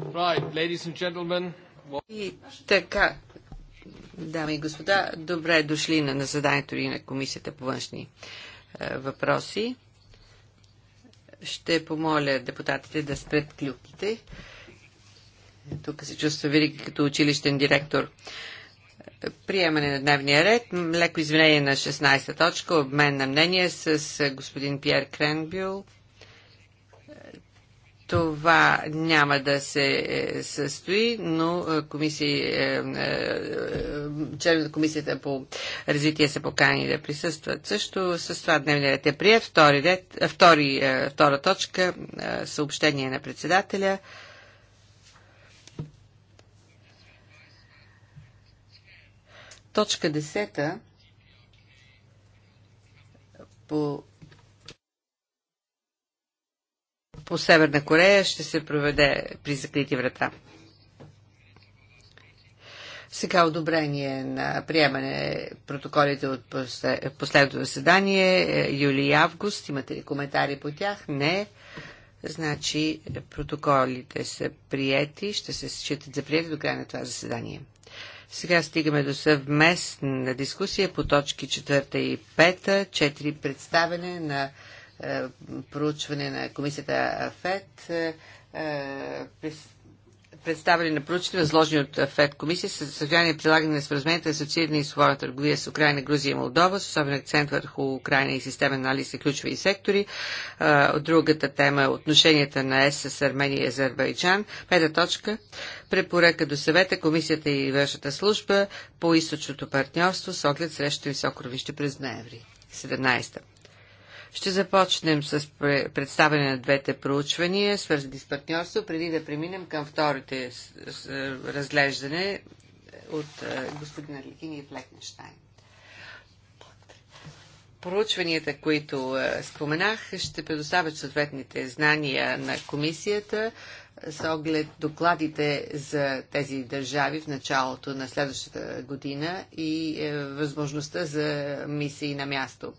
Right, и така, дами и господа, добре дошли на, на заданието и на Комисията по външни е, въпроси. Ще помоля депутатите да спрят клюките. Тук се чувства велики като училищен директор. Приемане на дневния ред. Леко извинение на 16 та точка. Обмен на мнение с е, господин Пьер Кренбюл това няма да се е, състои, но е, комисия, е, член на комисията по развитие са покани да присъстват. Също с това дневния ред е прият. Втори, ред, втори, втора точка съобщение на председателя. Точка 10 по по Северна Корея ще се проведе при закрити врата. Сега одобрение на приемане протоколите от последното заседание, е, юли и август. Имате ли коментари по тях? Не. Значи протоколите са приети, ще се считат за приети до края на това заседание. Сега стигаме до съвместна дискусия по точки 4 и 5, 4 представене на е, проучване на комисията ФЕД. Е, е, Представени на проучване, възложени от ФЕД комисия, със състояние прилагане на споразумението за асоцииране и свободна търговия с Украина, Грузия и Молдова, с особен акцент върху Украина и системен анализ на ключови сектори. От другата тема е отношенията на ЕС с Армения и Азербайджан. Пета точка препоръка до съвета, комисията и външната служба по източното партньорство с оглед срещу високо през ноември. 17. Ще започнем с представяне на двете проучвания, свързани с партньорство, преди да преминем към вторите е, разглеждане от е, господин Арликин и Флекнещайн. Проучванията, които е, споменах, ще предоставят съответните знания на комисията с оглед докладите за тези държави в началото на следващата година и възможността за мисии на място.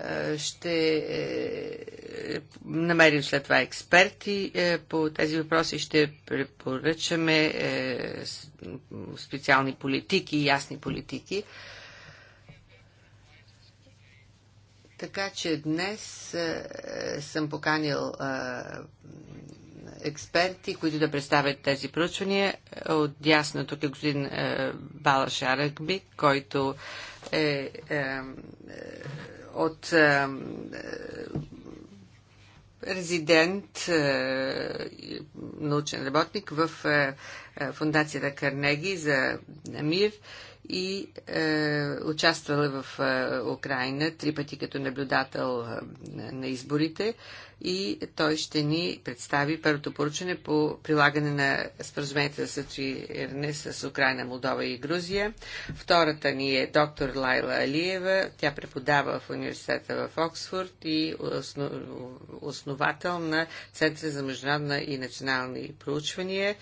Е, ще е, намерим след това експерти е, по тези въпроси, ще препоръчаме специални политики, ясни политики. Така че днес съм поканил експерти, които да представят тези проучвания. От дясно тук е господин Балаш Аракби, който е, е, е от е, е, резидент, е, научен работник в фундацията Карнеги за мир и е, участвала в е, Украина три пъти като наблюдател е, на изборите и той ще ни представи първото поручване по прилагане на споразумението за сътрудничество с Украина, Молдова и Грузия. Втората ни е доктор Лайла Алиева. Тя преподава в университета в Оксфорд и основ, основател на Центъра за международна и национални проучвания,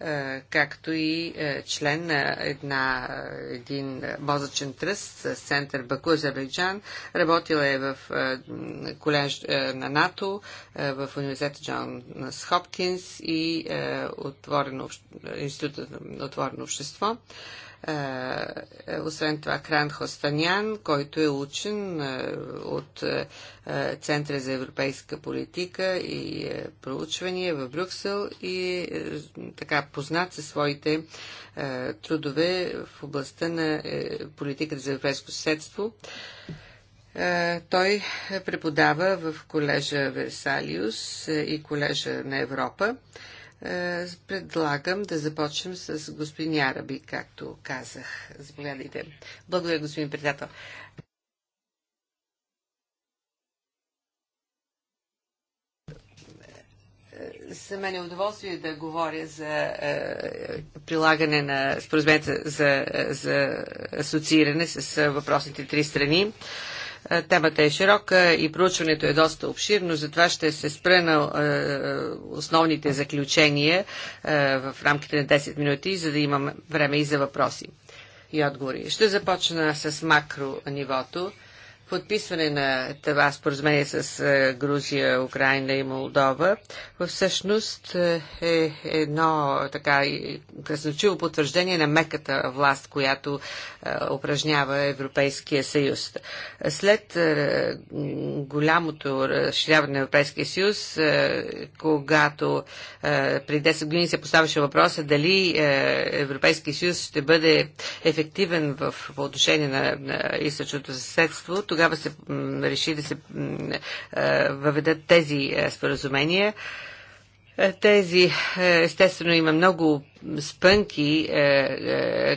е, както и е, член на една един е, мозъчен тръст с център Баку, Азербайджан. Работила е в е, колеж е, на НАТО, в университета Джон Хопкинс и отворено, Института на отворено общество. Е, освен това, Кран Хостанян, който е учен е, от е, Центъра за европейска политика и проучвания в Брюксел и така познат със своите трудове в областта на политиката за европейско съседство. Той преподава в колежа Версалиус и колежа на Европа. Е, предлагам да започнем с господин Яраби, както казах. Заповядайте. Благодаря, господин председател. За мен е удоволствие да говоря за е, прилагане на споразумението за, за асоцииране с е, въпросните три страни. Е, е, темата е широка и проучването е доста обширно, затова ще се спра на е, основните заключения е, в рамките на 10 минути, за да имам време и за въпроси и отговори. Ще започна с макро нивото подписване на това споразумение с е, Грузия, Украина и Молдова, всъщност е, е едно така красночиво потвърждение на меката власт, която е, упражнява Европейския съюз. След голямото разширяване на Европейския съюз, когато при 10 години се поставяше въпроса дали Европейския съюз ще бъде ефективен в, по отношение на, на източното съседство, тогава тогава се реши да се въведат тези споразумения. Тези, естествено, има много спънки,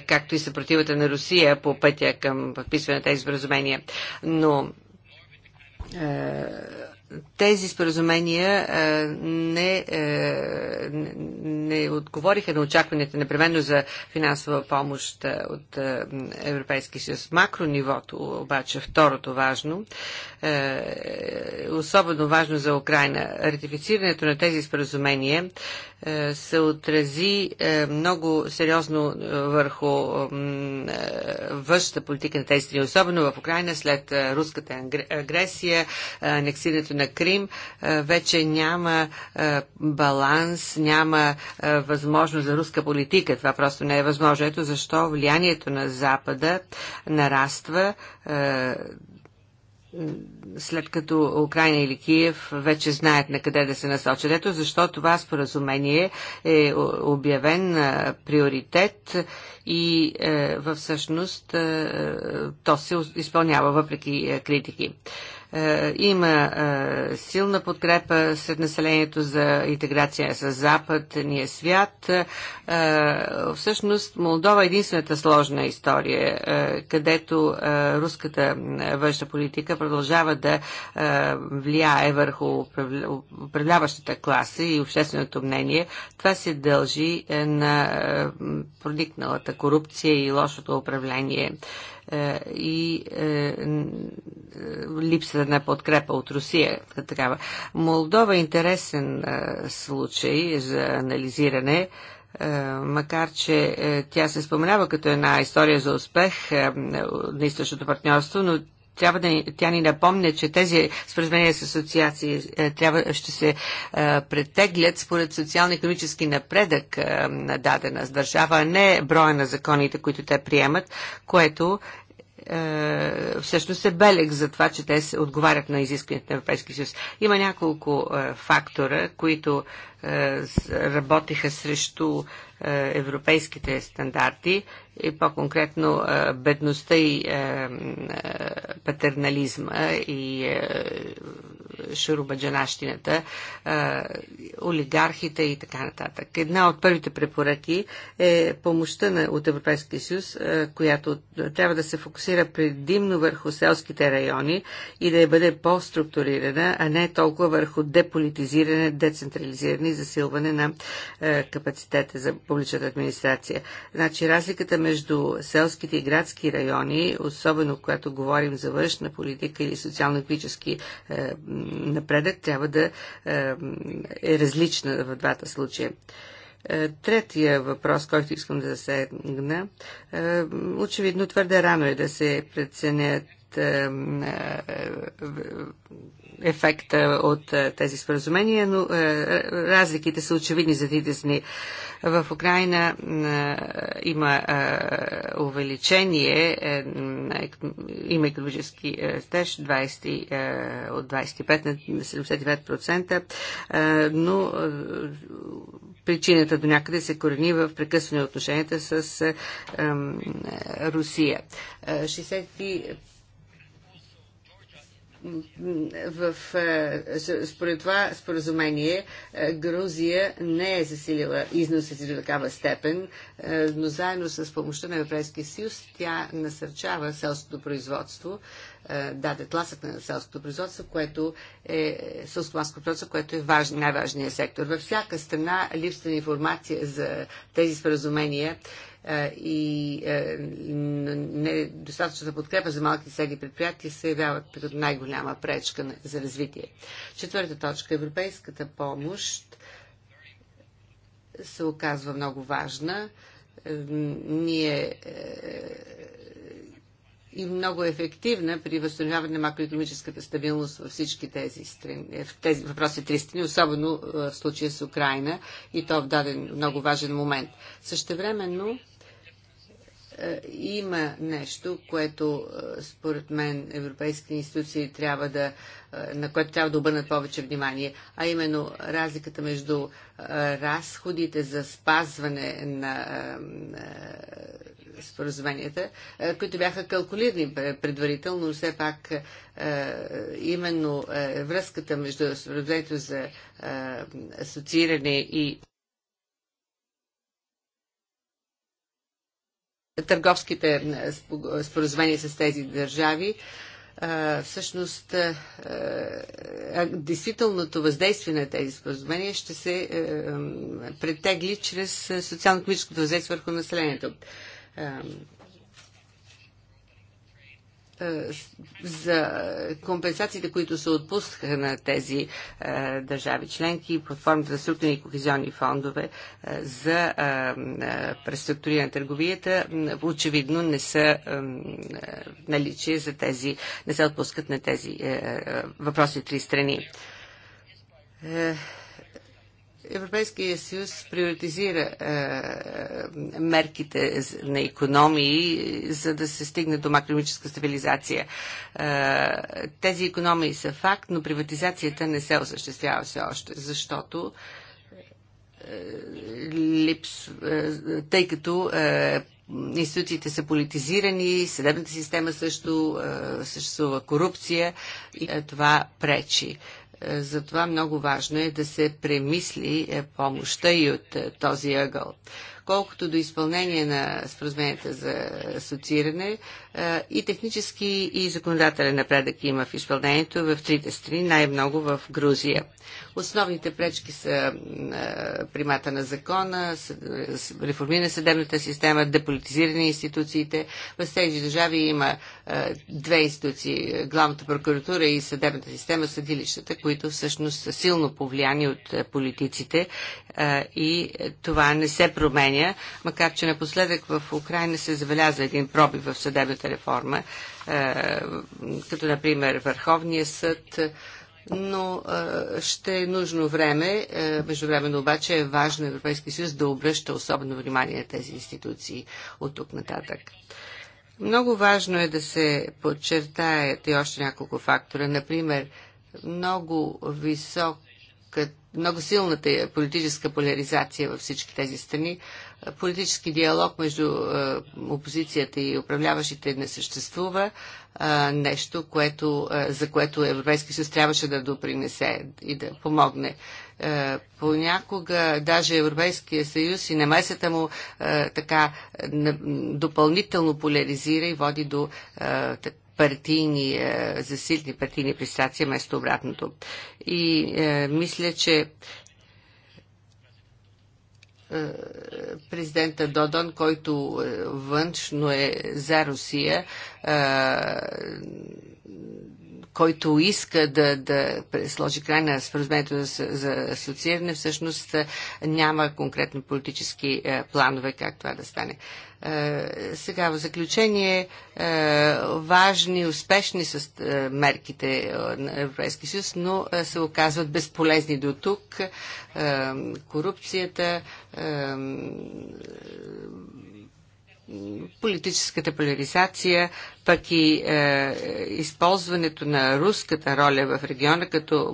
както и съпротивата на Русия по пътя към подписване на тези споразумения. Но тези споразумения е, не, е, не отговориха на очакванията непременно за финансова помощ е, от Европейския съюз. макро нивото, обаче второто важно, особено важно за Украина. Ратифицирането на тези споразумения се отрази много сериозно върху външната политика на тези страни, особено в Украина след руската агресия, анексирането на Крим, вече няма баланс, няма възможност за руска политика. Това просто не е възможно. Ето защо влиянието на Запада нараства след като Украина или Киев вече знаят на къде да се насочат. Ето защо това споразумение е обявен приоритет и е, всъщност е, е, то се изпълнява въпреки е, критики. Е, има е, силна подкрепа сред населението за интеграция с Запад, ние свят. Е, всъщност Молдова е единствената сложна история, където руската външна политика продължава да влияе върху управляващата класа и общественото мнение. Това се дължи на проникналата корупция и лошото управление е, и е, липсата на подкрепа от Русия. Такава. Молдова е интересен е, случай за анализиране макар че тя се споменава като една история за успех на източното партньорство, но трябва да тя ни напомня, че тези споразумения с асоциации е, трябва, ще се е, претеглят според социално-економически напредък е, на дадена държава, а не броя на законите, които те приемат, което е, всъщност е белег за това, че те се отговарят на изискванията на Европейския съюз. Има няколко е, фактора, които е, работиха срещу европейските стандарти и по-конкретно бедността и патернализма и шурубаджанащината, олигархите и така нататък. Една от първите препоръки е помощта на, от Европейския съюз, която трябва да се фокусира предимно върху селските райони и да я бъде по-структурирана, а не толкова върху деполитизиране, децентрализиране и засилване на капацитета за публичната администрация. Значи разликата между селските и градски райони, особено когато говорим за външна политика или социално-економически е, напредък трябва да е, е различна в двата случая. Е, третия въпрос, който искам да засегна, е, очевидно твърде рано е да се преценят е, е, ефекта от е, тези споразумения, но разликите са очевидни за тите дни. В Украина има увеличение, има економически стеж 20, от 25 на 75%, но причината до някъде се корени в прекъсване отношенията с Русия. 60 в, е, според това споразумение е, Грузия не е засилила износа си до такава степен, е, но заедно с помощта на Европейския съюз тя насърчава селското производство, даде тласък на селското производство, което е селскоманско производство, което е важ, най-важният сектор. Във всяка страна липсва информация за тези споразумения е, е, и недостатъчната подкрепа за малки и средни предприятия се явяват като най-голяма пречка за развитие. Четвърта точка. Европейската помощ се оказва много важна. Ние е, и много ефективна при възстановяване на макроекономическата стабилност във всички тези, страни, е, в тези въпроси три страни, особено е, в случая с Украина и то в даден много важен момент. Същевременно е, има нещо, което според мен европейските институции трябва да, на което трябва да обърнат повече внимание, а именно разликата между разходите за спазване на споразуменията, е, които бяха калкулирани предварително, но все пак е, именно е, връзката между споразумението за асоцииране и търговските споразумения с тези държави, всъщност действителното въздействие на тези споразумения ще се претегли чрез социално комическото въздействие върху населението за компенсациите, които се отпускаха на тези държави членки под формата на структурни и кохезионни фондове за преструктуриране на търговията, очевидно не са наличие за тези, не се отпускат на тези въпроси три страни. Е, Европейския съюз приоритизира е, мерките на економии, за да се стигне до макроекономическа стабилизация. Е, тези економии са факт, но приватизацията не се осъществява все още, защото е, липс, е, тъй като е, институциите са политизирани, съдебната система също е, съществува корупция и е, това пречи затова много важно е да се премисли е, помощта и от е, този ъгъл. Колкото до изпълнение на споразуменията за асоцииране, е, и технически и законодателен напредък има в изпълнението в трите страни, най-много в Грузия. Основните пречки са примата на закона, реформиране на съдебната система, деполитизиране на институциите. В тези държави има две институции, главната прокуратура и съдебната система, съдилищата, които всъщност са силно повлияни от политиците и това не се променя, макар че напоследък в Украина се забеляза един проби в съдебната реформа, като например Върховния съд, но ще е нужно време. Междувременно обаче е важно Европейския съюз да обръща особено внимание на тези институции от тук нататък. Много важно е да се подчертаят и още няколко фактора. Например, много висок много силната политическа поляризация във всички тези страни Политически диалог между е, опозицията и управляващите не съществува. Е, нещо, което, е, за което Европейски съюз трябваше да допринесе и да помогне. Понякога даже Европейския съюз и намесата му така допълнително поляризира и води до партийни, засилени партийни пристрации, вместо обратното. И е, мисля, че е, президента Додон, който е, външно е за Русия, е, който иска да, да сложи край на споразумението за, за асоцииране, всъщност няма конкретно политически планове как това да стане. Е, сега в заключение е, важни, успешни с е, мерките на Европейския съюз, но се оказват безполезни до тук. Корупцията политическата поляризация, пък и е, използването на руската роля в региона като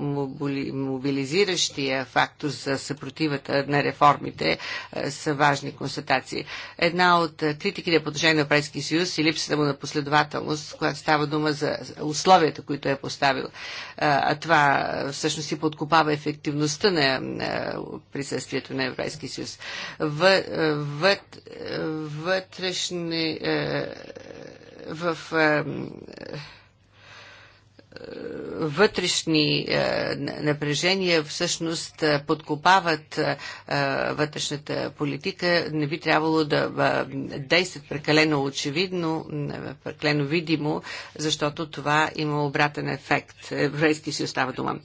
мобилизиращия фактор за съпротивата на реформите е, са важни констатации. Една от критиките по отношение на Европейския съюз и е липсата му на последователност, която става дума за условията, които е поставил. Е, а това е, всъщност и подкопава ефективността на, е, присъствието на Европейския съюз. Вътре в, въд е, е, е, вътрешни в вътрешни напрежения всъщност подкопават вътрешната политика. Не би трябвало да действат прекалено очевидно, прекалено видимо, защото това има обратен ефект. Еврейски си остава дума.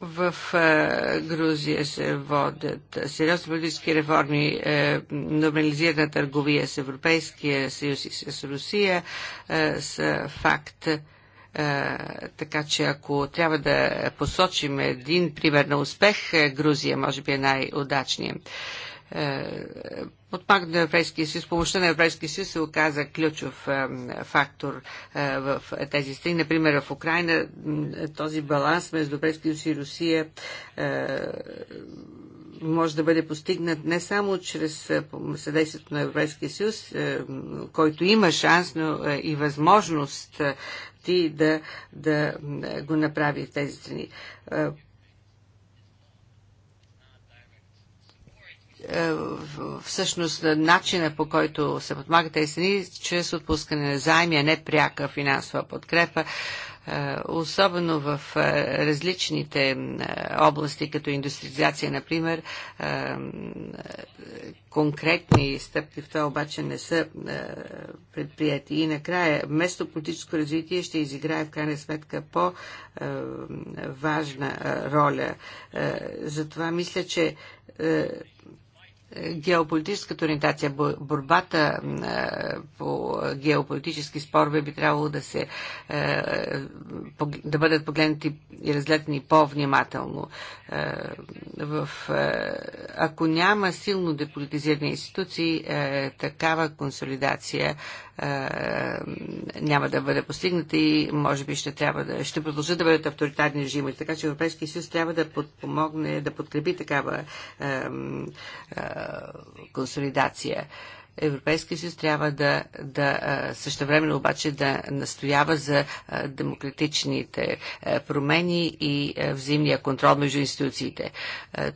В е, Грузия се водят сериозни политически реформи, е, нормализирана търговия с Европейския съюз и с Русия е, с факт така че ако трябва да посочим един пример на успех, Грузия може би е най-удачният. Е, от пакт на Европейския съюз, помощта на Европейския съюз се оказа ключов е, фактор е, в тези страни. Например, в Украина този баланс между Европейския съюз и Русия може да бъде постигнат не само чрез съдействието на Европейския съюз, който има шанс, но и възможност ти да, да го направи в тези страни. Е, всъщност начина по който се подмагат тези страни, чрез отпускане на заеми, а не пряка финансова подкрепа, е, особено в е, различните области, като индустриализация, например, конкретни стъпки в това обаче не са предприяти. И накрая, вместо политическо развитие ще изиграе в крайна сметка по-важна роля. Затова мисля, че геополитическата ориентация, борбата е, по геополитически спорове би трябвало да, се, е, да бъдат погледнати и разгледани по-внимателно. Е, в, ако няма силно деполитизирани институции, такава консолидация е, няма да бъде постигната и може би ще трябва да, ще продължат да бъдат авторитарни режими. Така че Европейския съюз трябва да подпомогне, да подкрепи такава е, консолидация. Европейския съюз трябва да, да същевременно обаче да настоява за демократичните промени и взаимния контрол между институциите.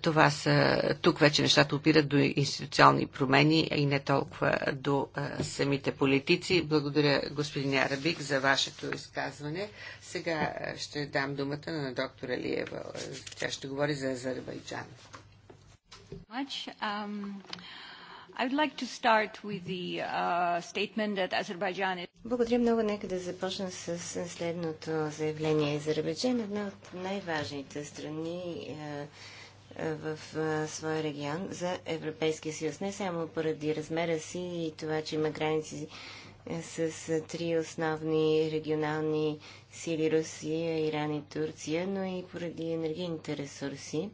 Това са, тук вече нещата опират до институционални промени и не толкова до самите политици. Благодаря господин Арабик за вашето изказване. Сега ще дам думата на доктор Алиева. Тя ще говори за Азербайджан. Much. Um... Uh, Благодаря много. Нека да започна с следното заявление. Азербайджан е една от най-важните страни е, е, в е, своя регион за Европейския съюз. Не само поради размера си и това, че има граници с три основни регионални сили Русия, Иран и Турция, но и поради енергийните ресурси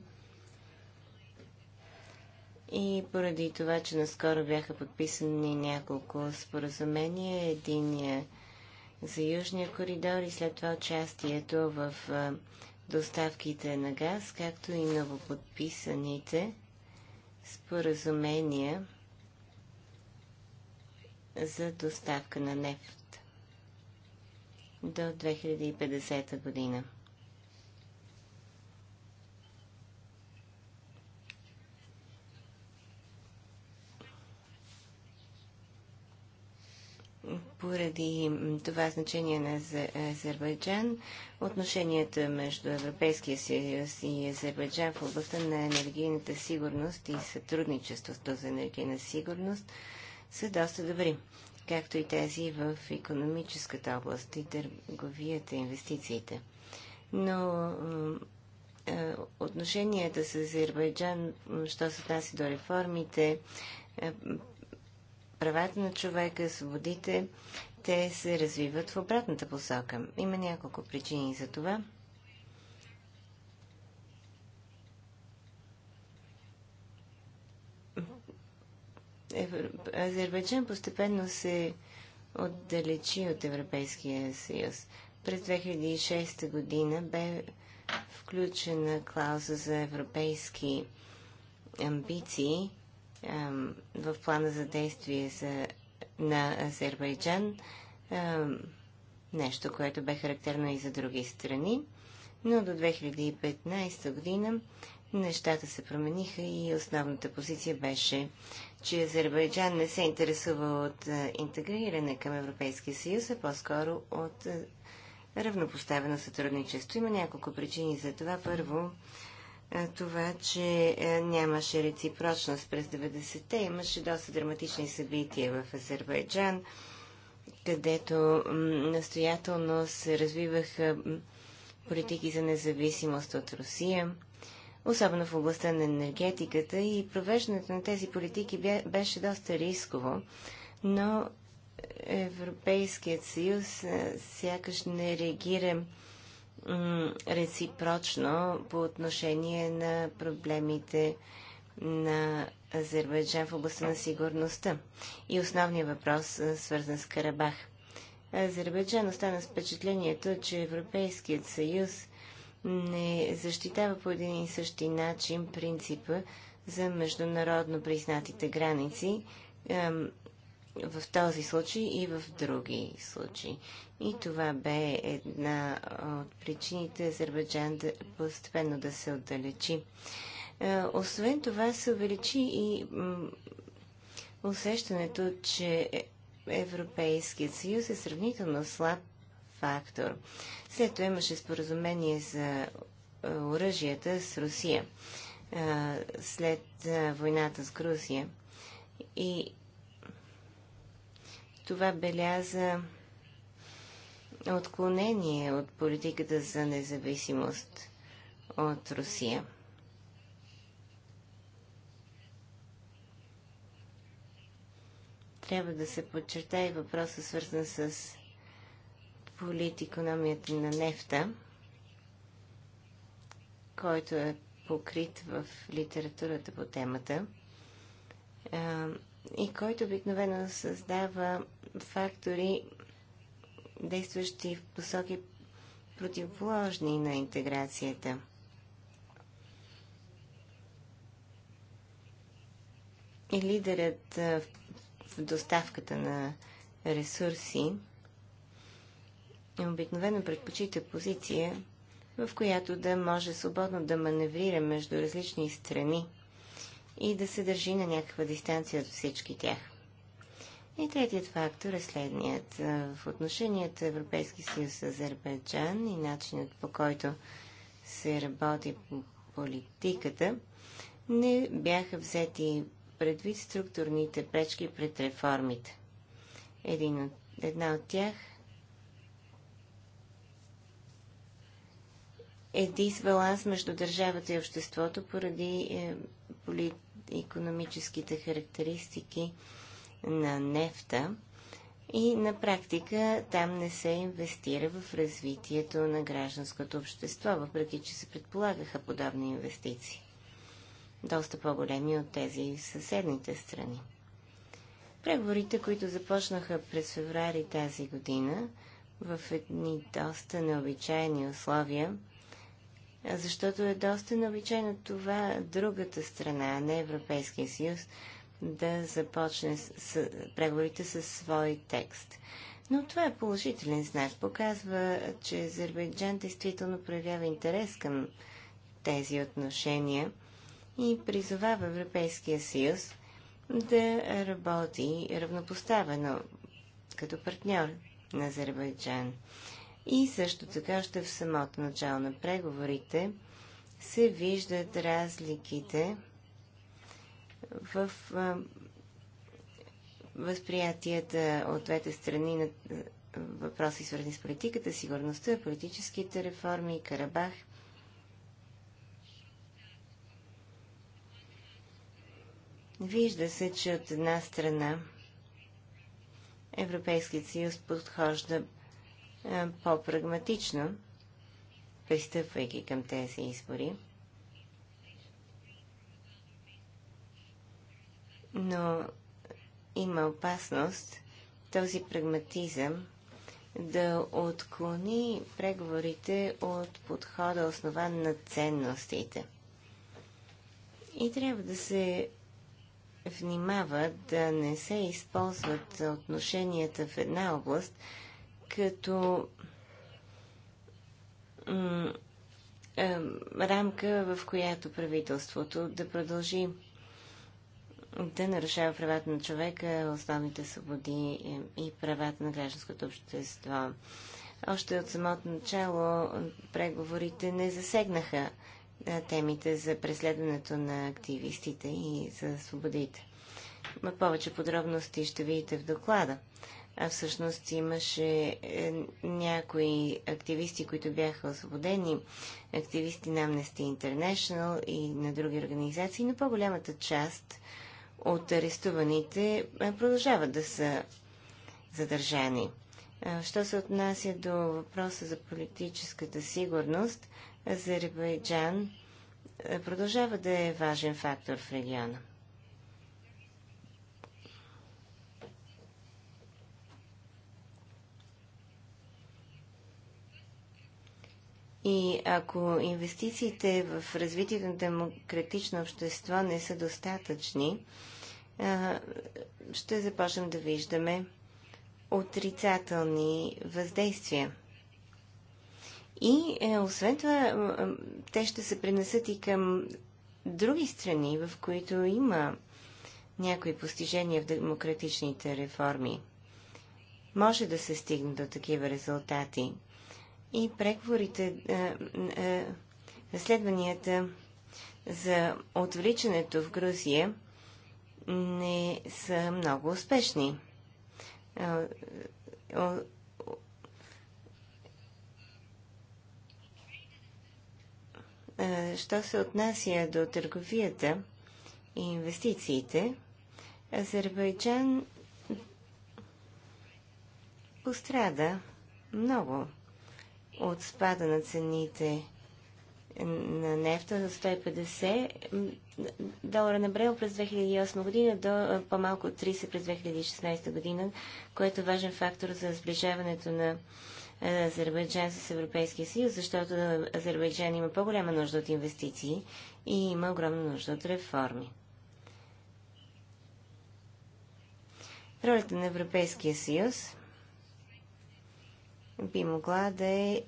и поради това, че наскоро бяха подписани няколко споразумения, единия е за Южния коридор и след това участието в доставките на газ, както и новоподписаните споразумения за доставка на нефт до 2050 година. поради това значение на Азербайджан, отношенията между Европейския съюз и Азербайджан в областта на енергийната сигурност и сътрудничеството за енергийна сигурност са доста добри, както и тези в економическата област и търговията, инвестициите. Но е, отношенията с Азербайджан, що се отнася до реформите, е, правата на човека, свободите, те се развиват в обратната посока. Има няколко причини за това. Азербайджан постепенно се отдалечи от Европейския съюз. През 2006 година бе включена клауза за европейски амбиции в плана за действие за, на Азербайджан нещо, което бе характерно и за други страни, но до 2015 година нещата се промениха и основната позиция беше, че Азербайджан не се интересува от интегриране към Европейския съюз, а по-скоро от равнопоставено сътрудничество. Има няколко причини за това. Първо, това, че е, нямаше реципрочност през 90-те. Имаше доста драматични събития в Азербайджан, където настоятелно се развиваха политики за независимост от Русия, особено в областта на енергетиката и провеждането на тези политики беше доста рисково, но Европейският съюз е, сякаш не реагира реципрочно по отношение на проблемите на Азербайджан в областта на сигурността. И основният въпрос, свързан с Карабах. Азербайджан остана с впечатлението, че Европейският съюз не защитава по един и същи начин принципа за международно признатите граници, в този случай и в други случаи. И това бе една от причините Азербайджан да, постепенно да се отдалечи. Е, освен това се увеличи и усещането, че Европейският съюз е сравнително слаб фактор. След това имаше споразумение за е, оръжията с Русия е, след войната с Грузия. И това беляза отклонение от политиката за независимост от Русия. Трябва да се подчертае въпроса, свързан с политикономията на нефта, който е покрит в литературата по темата и който обикновено създава фактори, действащи в посоки противоположни на интеграцията. И лидерът в доставката на ресурси обикновено предпочита позиция, в която да може свободно да маневрира между различни страни – и да се държи на някаква дистанция от всички тях. И третият фактор е следният. В отношенията Европейски съюз с Азербайджан и начинът по който се работи по политиката, не бяха взети предвид структурните пречки пред реформите. Един от, една от тях е дисбаланс между държавата и обществото поради е, полит, економическите характеристики на нефта и на практика там не се инвестира в развитието на гражданското общество, въпреки че се предполагаха подобни инвестиции. Доста по-големи от тези в съседните страни. Преговорите, които започнаха през феврари тази година, в едни доста необичайни условия, защото е доста необичайно това другата страна, не Европейския съюз, да започне с, с преговорите със свой текст. Но това е положителен знак. Показва, че Азербайджан действително проявява интерес към тези отношения и призовава Европейския съюз да работи равнопоставено като партньор на Азербайджан. И също така още в самото начало на преговорите се виждат разликите в възприятията от двете страни на въпроси, свързани с политиката, сигурността, политическите реформи, Карабах. Вижда се, че от една страна Европейският съюз подхожда е, по-прагматично, пристъпвайки към тези избори. Но има опасност този прагматизъм да отклони преговорите от подхода основан на ценностите. И трябва да се внимава да не се използват отношенията в една област като рамка, в която правителството да продължи да нарушава правата на човека, основните свободи и правата на гражданското общество. Още от самото начало преговорите не засегнаха темите за преследването на активистите и за свободите. Повече подробности ще видите в доклада а всъщност имаше е, някои активисти, които бяха освободени, активисти на Amnesty International и на други организации, но по-голямата част от арестуваните е, продължават да са задържани. Що се отнася до въпроса за политическата сигурност, Азербайджан е, продължава да е важен фактор в региона. И ако инвестициите в развитието на демократично общество не са достатъчни, ще започнем да виждаме отрицателни въздействия. И е, освен това, те ще се принесат и към други страни, в които има някои постижения в демократичните реформи. Може да се стигне до такива резултати – и преговорите, е, е, разследванията за отвличането в Грузия не са много успешни. Е, що се отнася до търговията и инвестициите, Азербайджан пострада много от спада на цените на нефта за 150 долара на брел през 2008 година до по-малко от 30 през 2016 година, което е важен фактор за сближаването на Азербайджан с Европейския съюз, защото Азербайджан има по-голяма нужда от инвестиции и има огромна нужда от реформи. Ролята на Европейския съюз би могла да е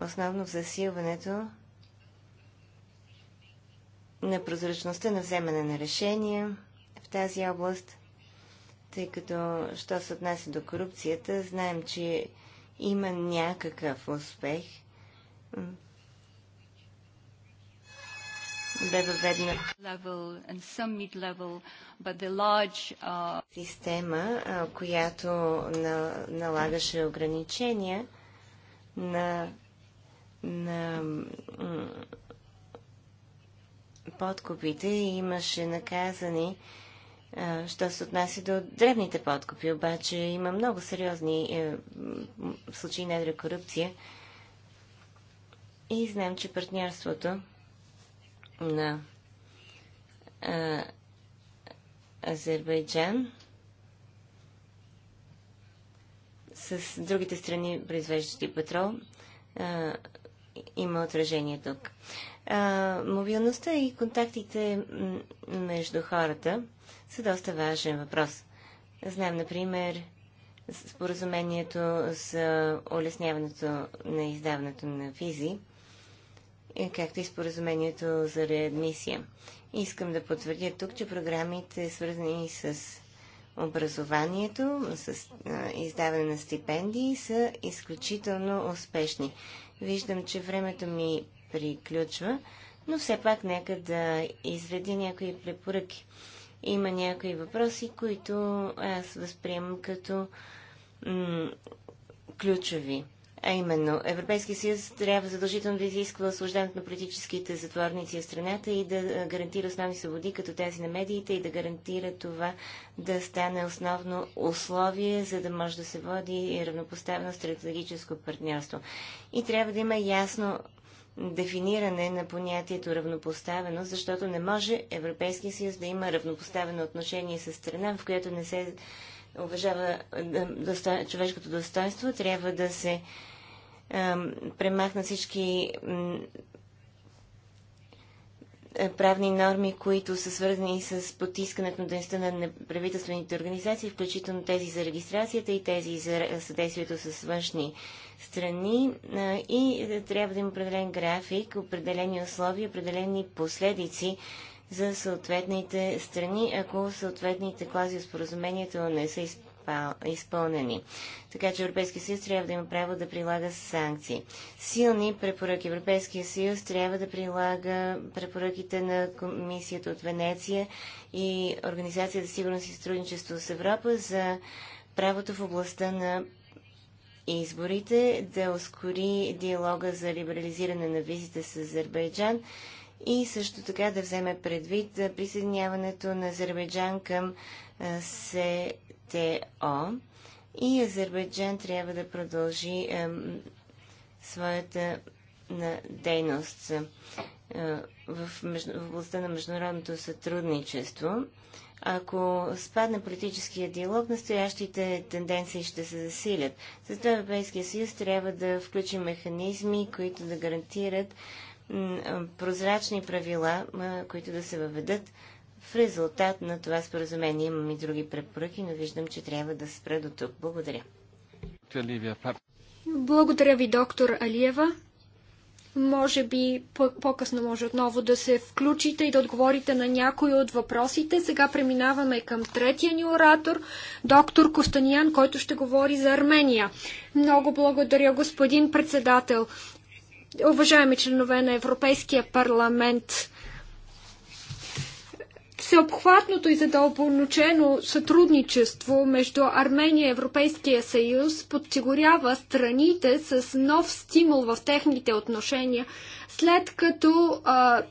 основно в засилването на прозрачността на вземане на решения в тази област, тъй като, що се отнася до корупцията, знаем, че има някакъв успех бе въведена uh, система, която налагаше ограничения на, на подкупите и имаше наказани що се отнася до древните подкупи. Обаче има много сериозни е, случаи на корупция. И знам, че партньорството на а, Азербайджан с другите страни, произвеждащи петрол, а, има отражение тук. А, мобилността и контактите между хората са доста важен въпрос. Знам, например, споразумението за улесняването на издаването на визи – е, както и споразумението за реадмисия. Искам да потвърдя тук, че програмите, свързани с образованието, с издаване на стипендии, са изключително успешни. Виждам, че времето ми приключва, но все пак нека да изредя някои препоръки. Има някои въпроси, които аз възприемам като ключови. А именно, Европейския съюз трябва задължително да изисква освобождането на политическите затворници в страната и да гарантира основни свободи, като тези на медиите, и да гарантира това да стане основно условие, за да може да се води равнопоставено стратегическо партньорство. И трябва да има ясно дефиниране на понятието равнопоставено, защото не може Европейския съюз да има равнопоставено отношение с страна, в която не се уважава човешкото достоинство, трябва да се премахна всички е, правни норми, които са свързани с потискането на дейността на неправителствените организации, включително тези за регистрацията и тези за съдействието с външни страни. И е, трябва да има определен график, определени условия, определени последици за съответните страни, ако съответните клази от споразумението не са изпълнени изпълнени. Така че Европейския съюз трябва да има право да прилага санкции. Силни препоръки. Европейския съюз трябва да прилага препоръките на Комисията от Венеция и Организацията за сигурност и сътрудничество с Европа за правото в областта на изборите, да ускори диалога за либерализиране на визите с Азербайджан и също така да вземе предвид присъединяването на Азербайджан към ВТО и Азербайджан трябва да продължи е, своята на дейност е, в, между, в областта на международното сътрудничество. Ако спадне политическия диалог, настоящите тенденции ще се засилят. Затова Европейския съюз трябва да включи механизми, които да гарантират прозрачни правила, които да се въведат в резултат на това споразумение. Имам и други препоръки, но виждам, че трябва да спра до тук. Благодаря. Благодаря ви, доктор Алиева. Може би по-късно може отново да се включите и да отговорите на някои от въпросите. Сега преминаваме към третия ни оратор, доктор Костаниян, който ще говори за Армения. Много благодаря, господин председател. Уважаеми членове на Европейския парламент, всеобхватното и задълбочено сътрудничество между Армения и Европейския съюз подсигурява страните с нов стимул в техните отношения, след като а,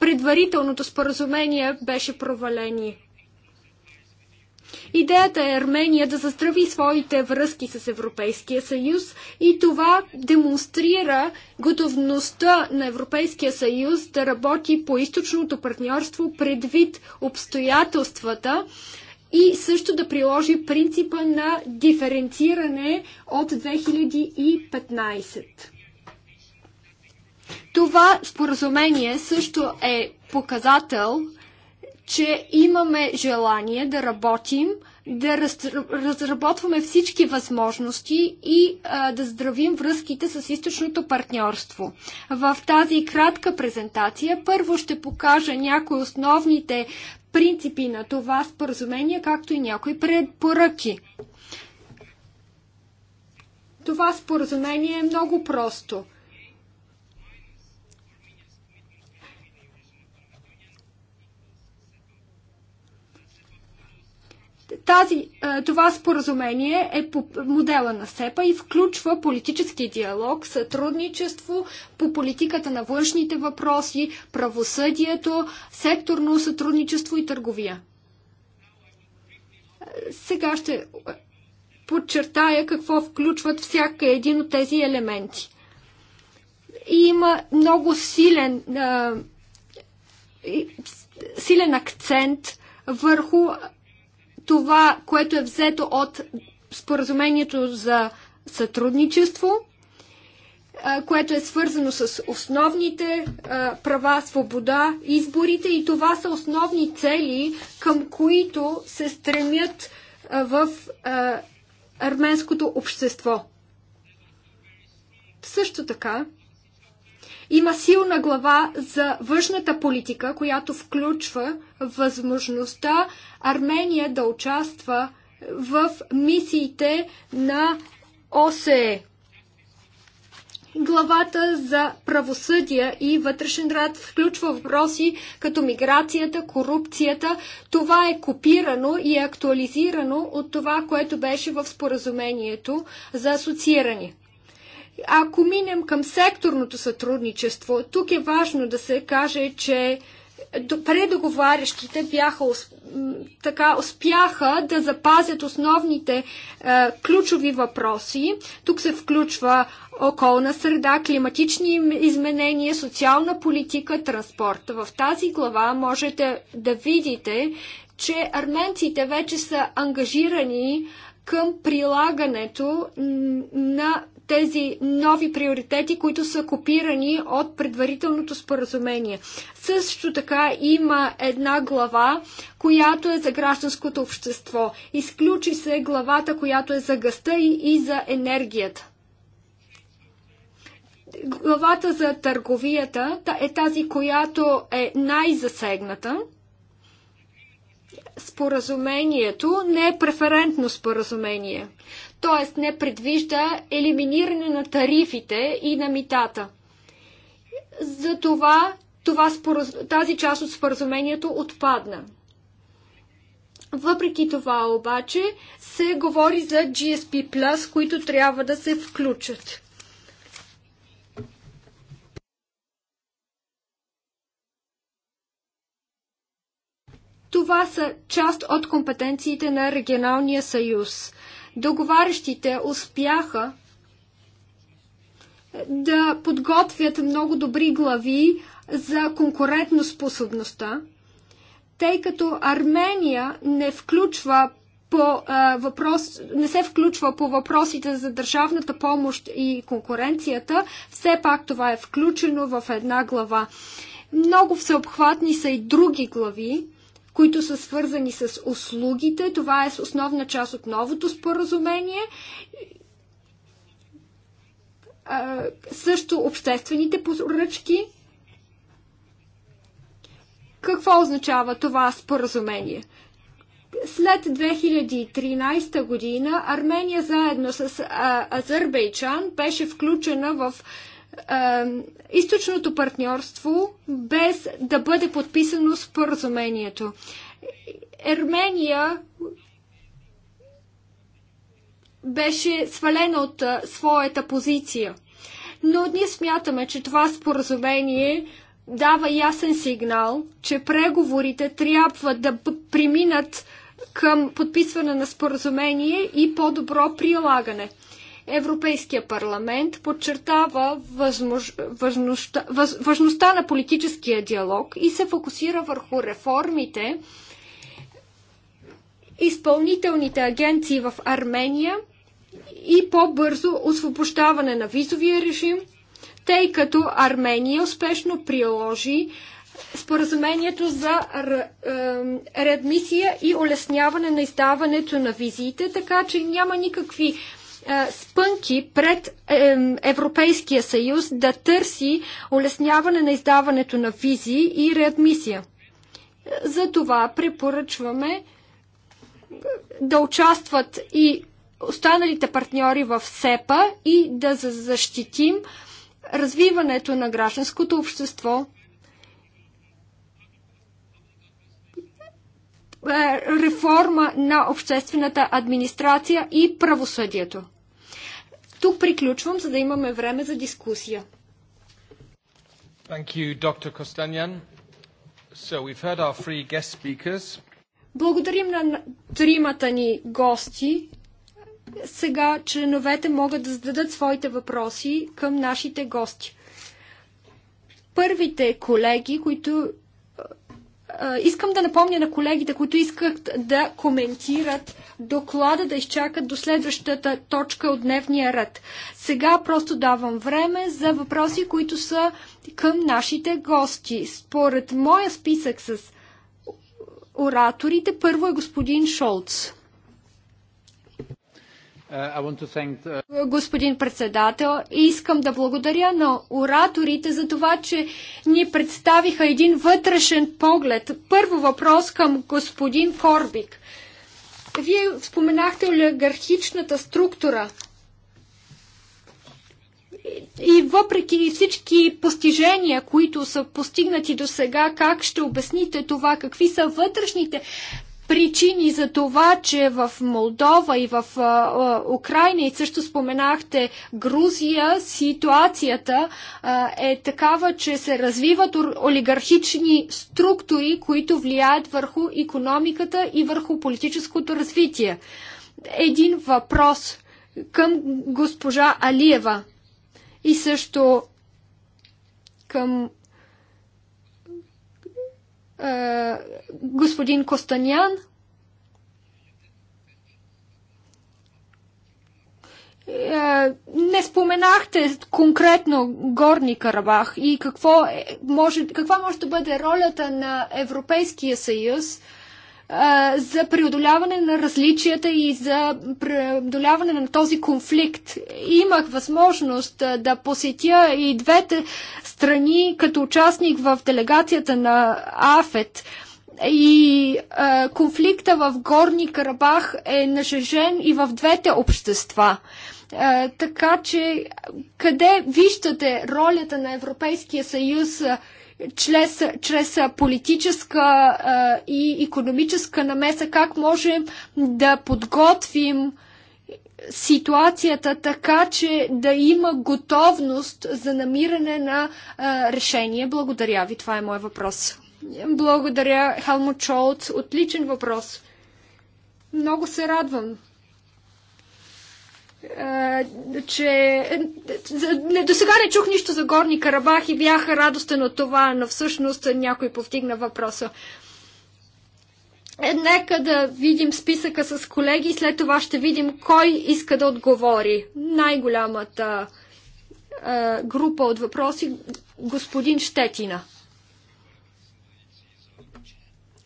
предварителното споразумение беше провалени. Идеята е Армения да застрави своите връзки с Европейския съюз и това демонстрира готовността на Европейския съюз да работи по източното партньорство предвид обстоятелствата и също да приложи принципа на диференциране от 2015. Това споразумение също е показател, че имаме желание да работим, да раз, разработваме всички възможности и а, да здравим връзките с източното партньорство. В тази кратка презентация първо ще покажа някои основните принципи на това споразумение, както и някои предпоръки. Това споразумение е много просто – Тази, е, това споразумение е по модела на СЕПА и включва политически диалог, сътрудничество по политиката на външните въпроси, правосъдието, секторно сътрудничество и търговия. Сега ще е, подчертая какво включват всяка един от тези елементи. И има много силен, е, силен акцент върху това, което е взето от споразумението за сътрудничество, което е свързано с основните права, свобода, изборите и това са основни цели, към които се стремят в арменското общество. Също така, има силна глава за външната политика, която включва възможността Армения да участва в мисиите на ОСЕ. Главата за правосъдие и вътрешен рад включва въпроси като миграцията, корупцията. Това е копирано и актуализирано от това, което беше в споразумението за асоцииране. Ако минем към секторното сътрудничество, тук е важно да се каже, че предоговарящите бяха, така, успяха да запазят основните е, ключови въпроси. Тук се включва околна среда, климатични изменения, социална политика, транспорт. В тази глава можете да видите, че арменците вече са ангажирани към прилагането на тези нови приоритети, които са копирани от предварителното споразумение. Също така има една глава, която е за гражданското общество. Изключи се главата, която е за гъста и, и за енергията. Главата за търговията е тази, която е най-засегната споразумението не е преферентно споразумение т.е. не предвижда елиминиране на тарифите и на митата. Затова това, тази част от споразумението отпадна. Въпреки това обаче се говори за GSP+, които трябва да се включат. Това са част от компетенциите на Регионалния съюз договарящите успяха да подготвят много добри глави за конкурентоспособността, тъй като Армения не включва по, а, въпрос, не се включва по въпросите за държавната помощ и конкуренцията, все пак това е включено в една глава. Много всеобхватни са и други глави, които са свързани с услугите. Това е основна част от новото споразумение. А, също обществените поръчки. Какво означава това споразумение? След 2013 година Армения заедно с Азербайджан беше включена в е, източното партньорство, без да бъде подписано споразумението. Ермения беше свалена от а, е, своята позиция. Но ние смятаме, че това споразумение дава ясен сигнал, че преговорите трябва да преминат към подписване на споразумение и по-добро прилагане. Европейския парламент подчертава възмож... важността... Въз... важността на политическия диалог и се фокусира върху реформите, изпълнителните агенции в Армения и по-бързо освобождаване на визовия режим, тъй като Армения успешно приложи споразумението за е, реадмисия и улесняване на издаването на визите, така че няма никакви е, спънки пред е, Европейския съюз да търси улесняване на издаването на визи и реадмисия. За това препоръчваме да участват и останалите партньори в СЕПА и да защитим развиването на гражданското общество Е, реформа на обществената администрация и правосъдието. Тук приключвам, за да имаме време за дискусия. You, so Благодарим на тримата ни гости. Сега членовете могат да зададат своите въпроси към нашите гости. Първите колеги, които искам да напомня на колегите, които искат да коментират доклада, да изчакат до следващата точка от дневния ред. Сега просто давам време за въпроси, които са към нашите гости. Според моя списък с ораторите, първо е господин Шолц. Uh, господин председател, искам да благодаря на ораторите за това, че ни представиха един вътрешен поглед. Първо въпрос към господин Корбик. Вие споменахте олигархичната структура. И въпреки всички постижения, които са постигнати до сега, как ще обясните това? Какви са вътрешните причини за това, че в Молдова и в а, а, Украина, и също споменахте Грузия, ситуацията а, е такава, че се развиват олигархични структури, които влияят върху економиката и върху политическото развитие. Един въпрос към госпожа Алиева и също към господин Костанян. Не споменахте конкретно Горни Карабах и какво е, може, каква може да бъде ролята на Европейския съюз за преодоляване на различията и за преодоляване на този конфликт. Имах възможност да посетя и двете страни като участник в делегацията на АФЕТ. И а, конфликта в Горни Карабах е нажежен и в двете общества. А, така че, къде виждате ролята на Европейския съюз? А, чрез, чрез политическа и економическа намеса, как можем да подготвим ситуацията така, че да има готовност за намиране на а, решение? Благодаря ви. Това е мой въпрос. Благодаря, Хелмут Шолц. Отличен въпрос. Много се радвам, че не, до сега не чух нищо за Горни Карабах и бях радостен от това, но всъщност някой повдигна въпроса. Е, нека да видим списъка с колеги и след това ще видим кой иска да отговори. Най-голямата е, група от въпроси господин Щетина.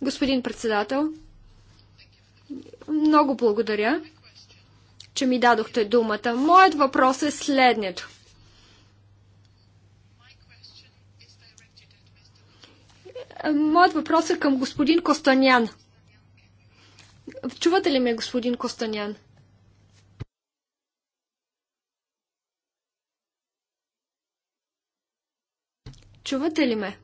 Господин председател, много благодаря че ми дадохте думата. Моят въпрос е следният. Моят въпрос е към господин Костанян. Чувате ли ме, господин Костанян? Чувате ли ме?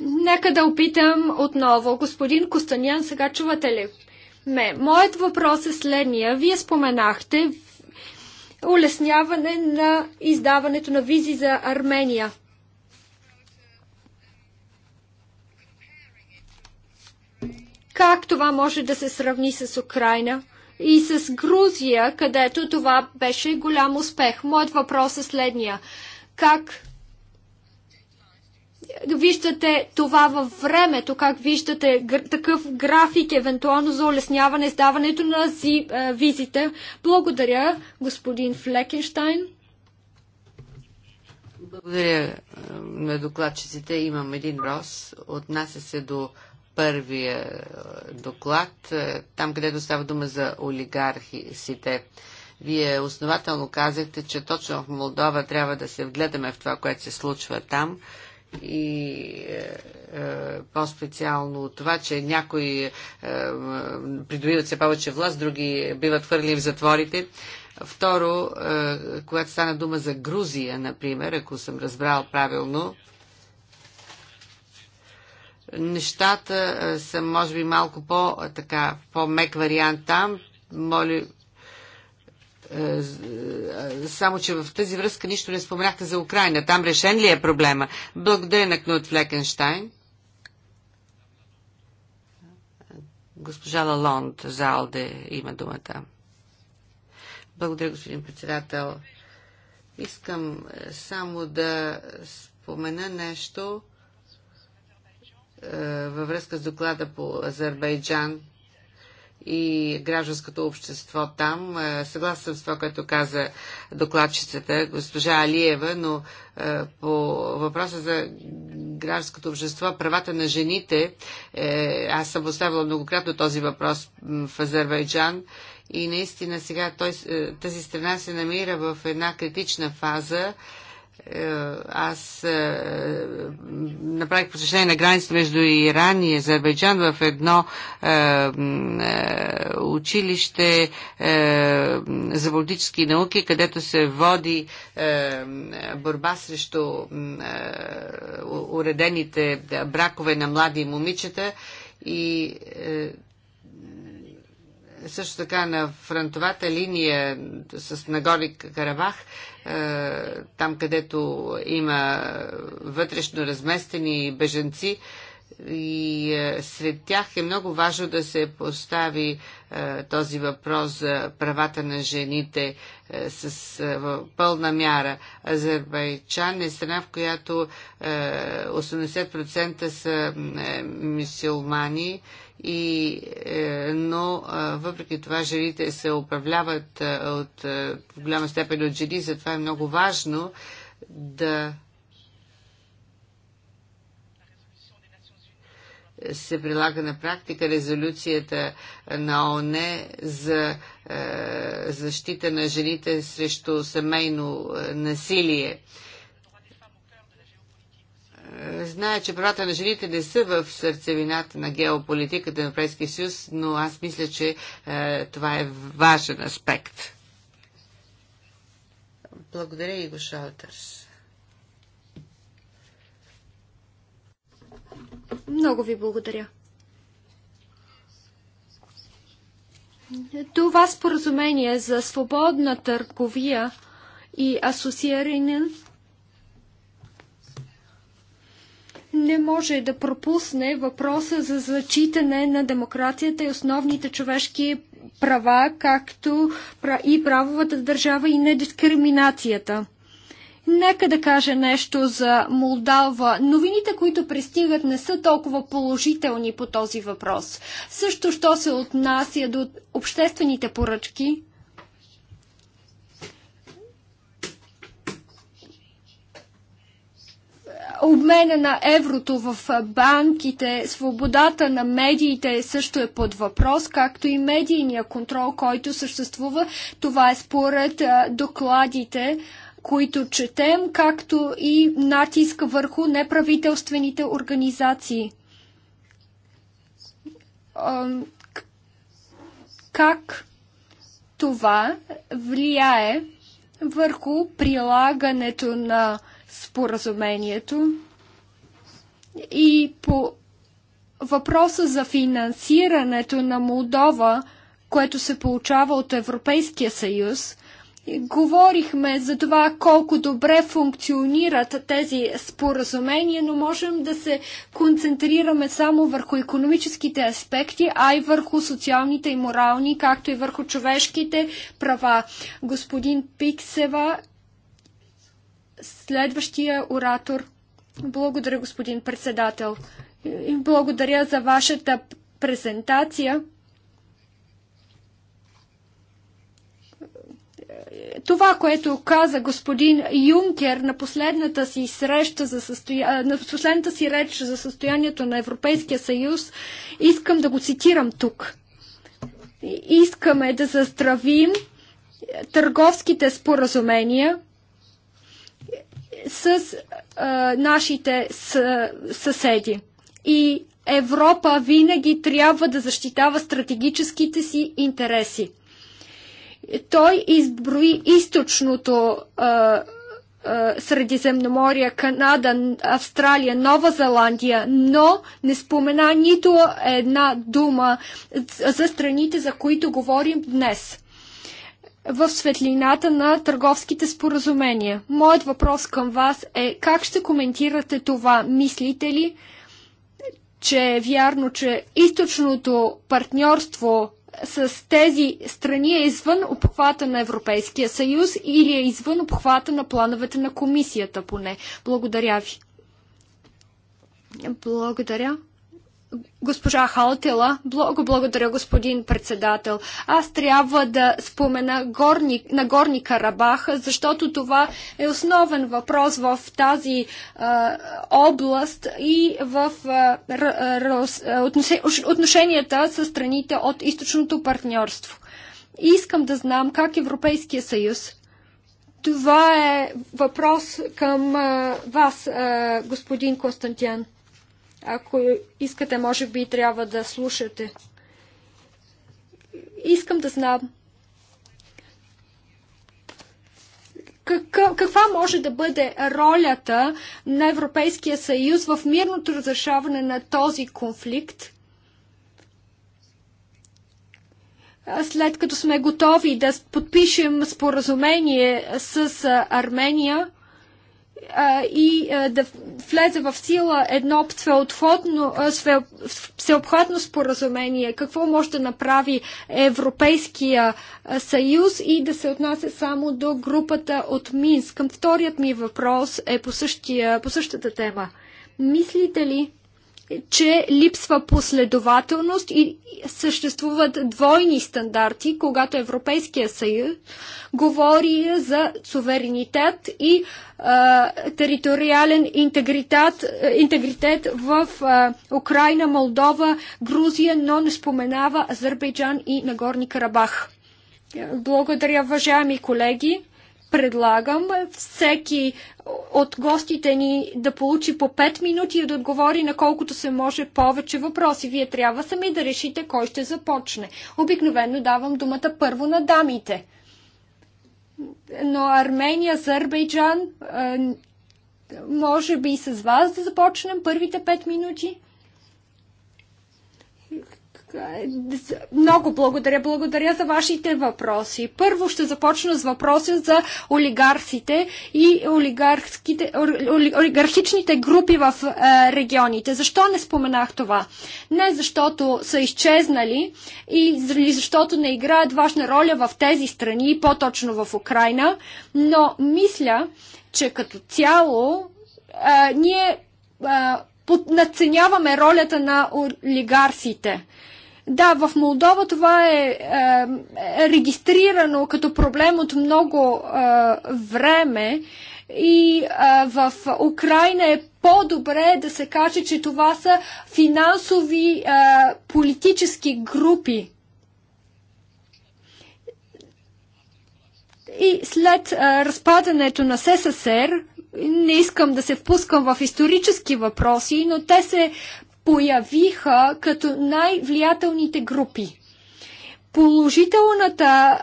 Нека да опитам отново. Господин Костанян, сега чувате ли ме? Моят въпрос е следния. Вие споменахте улесняване на издаването на визи за Армения. Как това може да се сравни с Украина? и с Грузия, където това беше голям успех. Моят въпрос е следния. Как виждате това във времето, как виждате такъв график, евентуално за улесняване издаването на зи- е, визите. Благодаря, господин Флекенштайн. Благодаря е, на докладчиците. Имам един брос. Отнася се до първия е, доклад, е, там където става дума за олигархите. Вие основателно казахте, че точно в Молдова трябва да се вгледаме в това, което се случва там и е, е, по-специално това, че някои е, придобиват се повече власт, други биват хвърлени в затворите. Второ, е, когато стана дума за Грузия, например, ако съм разбрал правилно, нещата е, са, може би, малко по по-мек вариант там. Моли, е, само, че в тази връзка нищо не споменахте за Украина. Там решен ли е проблема? Благодаря на Кнут Флекенштайн. Госпожа Лалонд за Алде има думата. Благодаря, господин председател. Искам е, само да спомена нещо е, във връзка с доклада по Азербайджан и гражданското общество там. Е, съгласен съм с това, което каза докладчицата госпожа Алиева, но е, по въпроса за гражданското общество, правата на жените, е, аз съм поставила многократно този въпрос в Азербайджан и наистина сега той, тази страна се намира в една критична фаза е, аз е, направих посещение на границата между Иран и Азербайджан в едно е, е, училище е, за политически науки, където се води е, борба срещу уредените бракове на млади момичета и също така на фронтовата линия с Нагорни Карабах, е, там където има вътрешно разместени беженци, и е, сред тях е много важно да се постави е, този въпрос за правата на жените е, с пълна мяра. Азербайджан е страна, в която 80% са мисулмани и, но въпреки това жените се управляват от, в голяма степен от жени, затова е много важно да се прилага на практика резолюцията на ООН за е, защита на жените срещу семейно е, насилие. Е, зная, че правата на жените не са в сърцевината на геополитиката на Европейския съюз, но аз мисля, че е, това е важен аспект. Благодаря, Иго Шалтърс. Много ви благодаря. Това споразумение за свободна търговия и асоцииране не може да пропусне въпроса за зачитане на демокрацията и основните човешки права, както и правовата държава и недискриминацията. Нека да кажа нещо за Молдава. Новините, които пристигат, не са толкова положителни по този въпрос. Също, що се отнася до обществените поръчки, обмена на еврото в банките, свободата на медиите също е под въпрос, както и медийния контрол, който съществува. Това е според докладите които четем, както и натиск върху неправителствените организации. Как това влияе върху прилагането на споразумението и по въпроса за финансирането на Молдова, което се получава от Европейския съюз – Говорихме за това колко добре функционират тези споразумения, но можем да се концентрираме само върху економическите аспекти, а и върху социалните и морални, както и върху човешките права. Господин Пиксева, следващия оратор. Благодаря, господин председател. Благодаря за вашата презентация. това, което каза господин Юнкер на последната си среща за състоя... на последната си реч за състоянието на Европейския съюз, искам да го цитирам тук. Искаме да заздравим търговските споразумения с а, нашите с, съседи. И Европа винаги трябва да защитава стратегическите си интереси. Той изброи източното а, а, Средиземноморие, Канада, Австралия, Нова Зеландия, но не спомена нито една дума за страните, за които говорим днес в светлината на търговските споразумения. Моят въпрос към вас е как ще коментирате това? Мислите ли, че е вярно, че източното партньорство с тези страни е извън обхвата на Европейския съюз или е извън обхвата на плановете на комисията поне. Благодаря ви. Благодаря. Госпожа Халтела, много благодаря, господин председател. Аз трябва да спомена горни, на Горни Карабах, защото това е основен въпрос в тази а, област и в а, рос, отношенията с страните от източното партньорство. И искам да знам как Европейския съюз това е въпрос към а, вас, а, господин Константин. Ако искате, може би трябва да слушате. Искам да знам каква може да бъде ролята на Европейския съюз в мирното разрешаване на този конфликт, след като сме готови да подпишем споразумение с Армения и да влезе в сила едно всеобхватно споразумение, какво може да направи Европейския съюз и да се отнася само до групата от Минск. Към вторият ми въпрос е по, същия, по същата тема. Мислите ли, че липсва последователност и съществуват двойни стандарти, когато Европейския съюз говори за суверенитет и а, териториален интегритет, интегритет в а, Украина, Молдова, Грузия, но не споменава Азербайджан и Нагорни Карабах. Благодаря, уважаеми колеги. Предлагам всеки от гостите ни да получи по 5 минути и да отговори на колкото се може повече въпроси. Вие трябва сами да решите кой ще започне. Обикновено давам думата първо на дамите. Но Армения, Азербайджан, е, може би и с вас да започнем първите 5 минути. Много благодаря. Благодаря за вашите въпроси. Първо ще започна с въпроса за олигарсите и олигархичните групи в е, регионите. Защо не споменах това? Не защото са изчезнали или защото не играят важна роля в тези страни, по-точно в Украина, но мисля, че като цяло е, ние а, е, поднаценяваме ролята на олигарсите – да, в Молдова това е, е, е регистрирано като проблем от много е, време и е, в Украина е по-добре да се каже, че това са финансови е, политически групи. И след е, разпадането на СССР, не искам да се впускам в исторически въпроси, но те се появиха като най-влиятелните групи. Положителната а,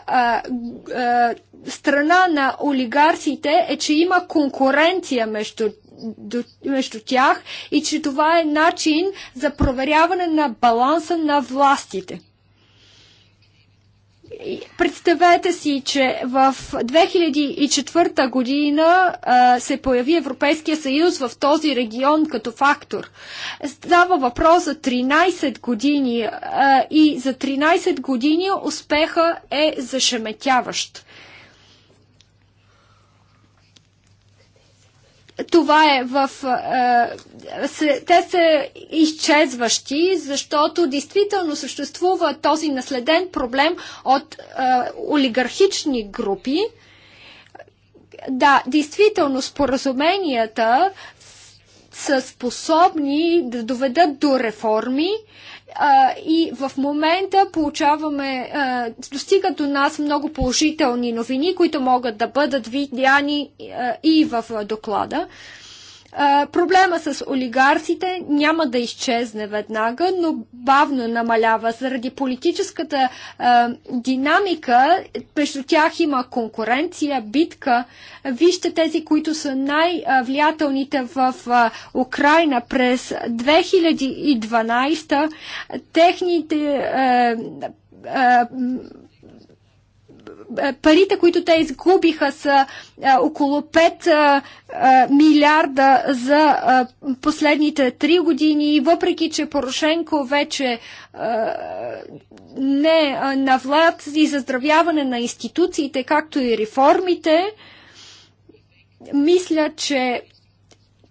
а, страна на олигарсите е, че има конкуренция между до, между тях и че това е начин за проверяване на баланса на властите. Представете си, че в 2004 година а, се появи Европейския съюз в този регион като фактор. Става въпрос за 13 години а, и за 13 години успеха е зашеметяващ. това е в... Е, те са изчезващи, защото действително съществува този наследен проблем от е, олигархични групи. Да, действително споразуменията са способни да доведат до реформи, а, и в момента получаваме, а, достигат до нас много положителни новини, които могат да бъдат видяни а, и в доклада. А, Проблема с олигарсите няма да изчезне веднага, но бавно намалява. Заради политическата динамика, между тях има конкуренция, битка. Вижте тези, които са най-влиятелните в Украина през 2012. Техните е, парите, които те изгубиха са а, е, около 5 а, а, милиарда за а, е, последните 3 години. и Въпреки, че Порошенко вече а, не а, на влад и заздравяване на институциите, както и реформите, мисля, че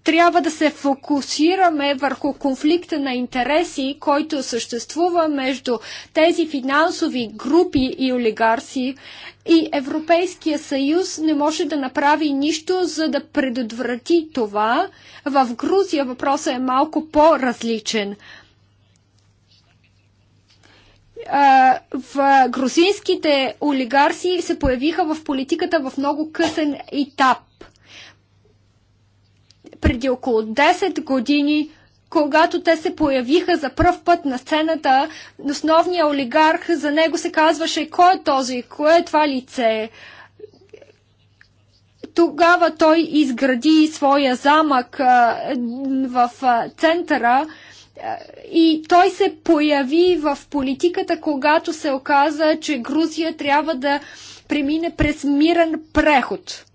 трябва да се фокусираме върху конфликта на интереси, който съществува между тези финансови групи и олигарси. И Европейския съюз не може да направи нищо, за да предотврати това. В Грузия въпросът е малко по-различен в грузинските олигарси се появиха в политиката в много късен етап преди около 10 години, когато те се появиха за пръв път на сцената, основния олигарх за него се казваше кой е този, кое е това лице. Тогава той изгради своя замък а, в а, центъра и той се появи в политиката, когато се оказа, че Грузия трябва да премине през мирен преход.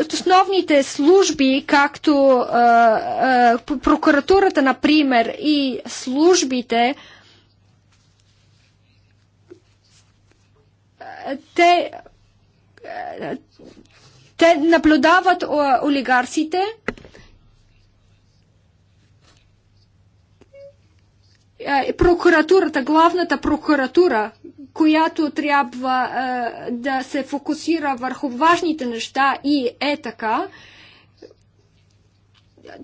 от е, основните служби, както е, е, прокуратурата, например, и службите, те, те наблюдават олигарсите прокуратурата, главната прокуратура която трябва е, да се фокусира върху важните неща и е така,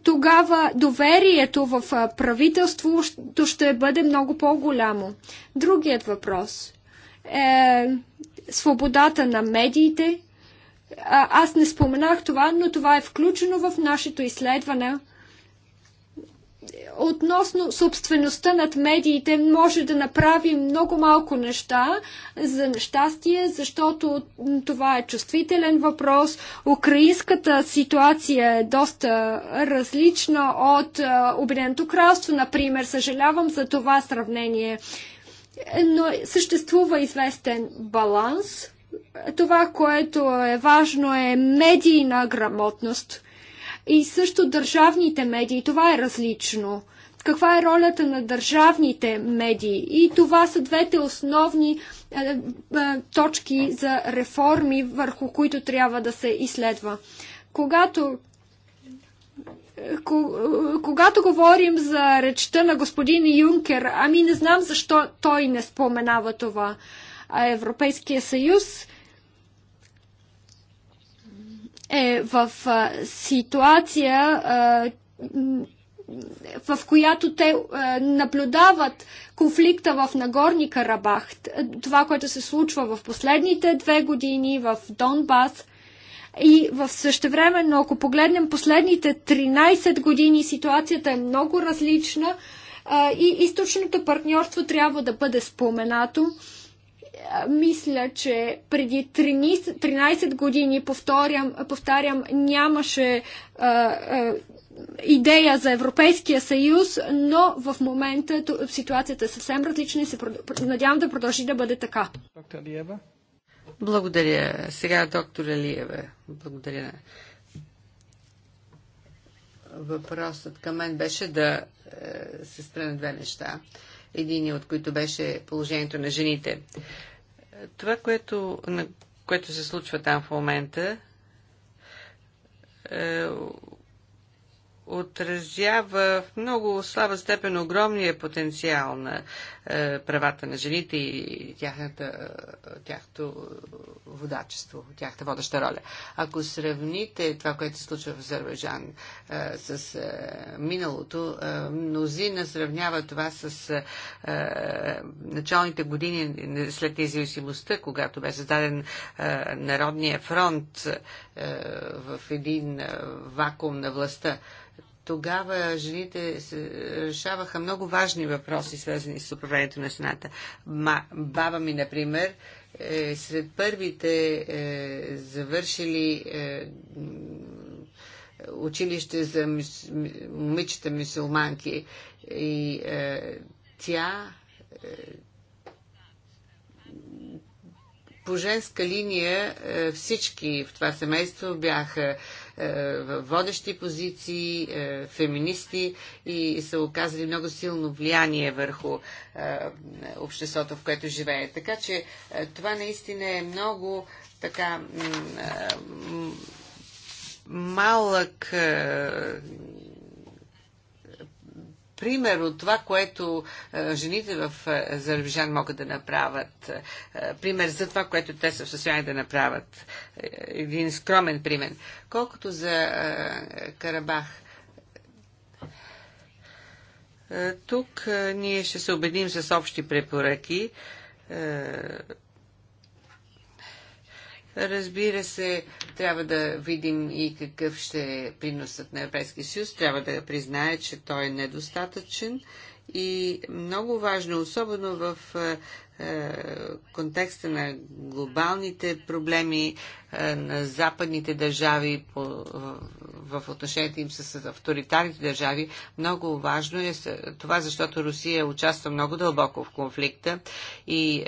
тогава доверието в правителството ще бъде много по-голямо. Другият въпрос е свободата на медиите. Аз не споменах това, но това е включено в нашето изследване Относно собствеността над медиите може да направи много малко неща за нещастие, защото това е чувствителен въпрос. Украинската ситуация е доста различна от е, Обединеното кралство, например. Съжалявам за това сравнение. Но съществува известен баланс. Това, което е важно е медийна грамотност – и също държавните медии. Това е различно. Каква е ролята на държавните медии? И това са двете основни е, е, точки за реформи, върху които трябва да се изследва. Когато е, когато говорим за речта на господин Юнкер, ами не знам защо той не споменава това. Европейския съюз е в а, ситуация, а, в която те а, наблюдават конфликта в Нагорни Карабах, това, което се случва в последните две години в Донбас. И в но ако погледнем последните 13 години, ситуацията е много различна а, и източното партньорство трябва да бъде споменато мисля, че преди 13, 13 години, повторям, повтарям, нямаше а, а, идея за Европейския съюз, но в момента ситуацията е съвсем различна и се надявам да продължи да бъде така. Доктор Лиева. Благодаря. Сега доктор Лиева. Благодаря. Въпросът към мен беше да е, се спра на две неща Единият от които беше положението на жените. Това, което, което се случва там в момента, е, отразява в много слаба степен огромния потенциал на е, правата на жените и тяхната, е, тяхто водачество, тяхната водеща роля. Ако сравните това, което се случва в Азербайджан е, с миналото, мнозина сравнява това с началните години след независимостта, когато бе създаден Народния фронт в един вакуум на властта. Тогава жените решаваха много важни въпроси, свързани с управлението на страната. баба ми, например, е сред първите е, завършили е, училище за момичета мисулманки. И е, тя е, по женска линия е, всички в това семейство бяха в е, водещи позиции, е, феминисти и са оказали много силно влияние върху е, обществото, в което живее. Така че това наистина е много така малък пример от това, което е, жените в е, Азербайджан могат да направят. Е, пример за това, което те са в състояние да направят. Един скромен пример. Колкото за Карабах, тук ние ще се убедим с общи препоръки Разбира се, трябва да видим и какъв ще е приносът на Европейския съюз. Трябва да признае, че той е недостатъчен и много важно, особено в е, е, контекста на глобалните проблеми е, на западните държави в отношението им с авторитарните държави. Много важно е това, защото Русия участва много дълбоко в конфликта и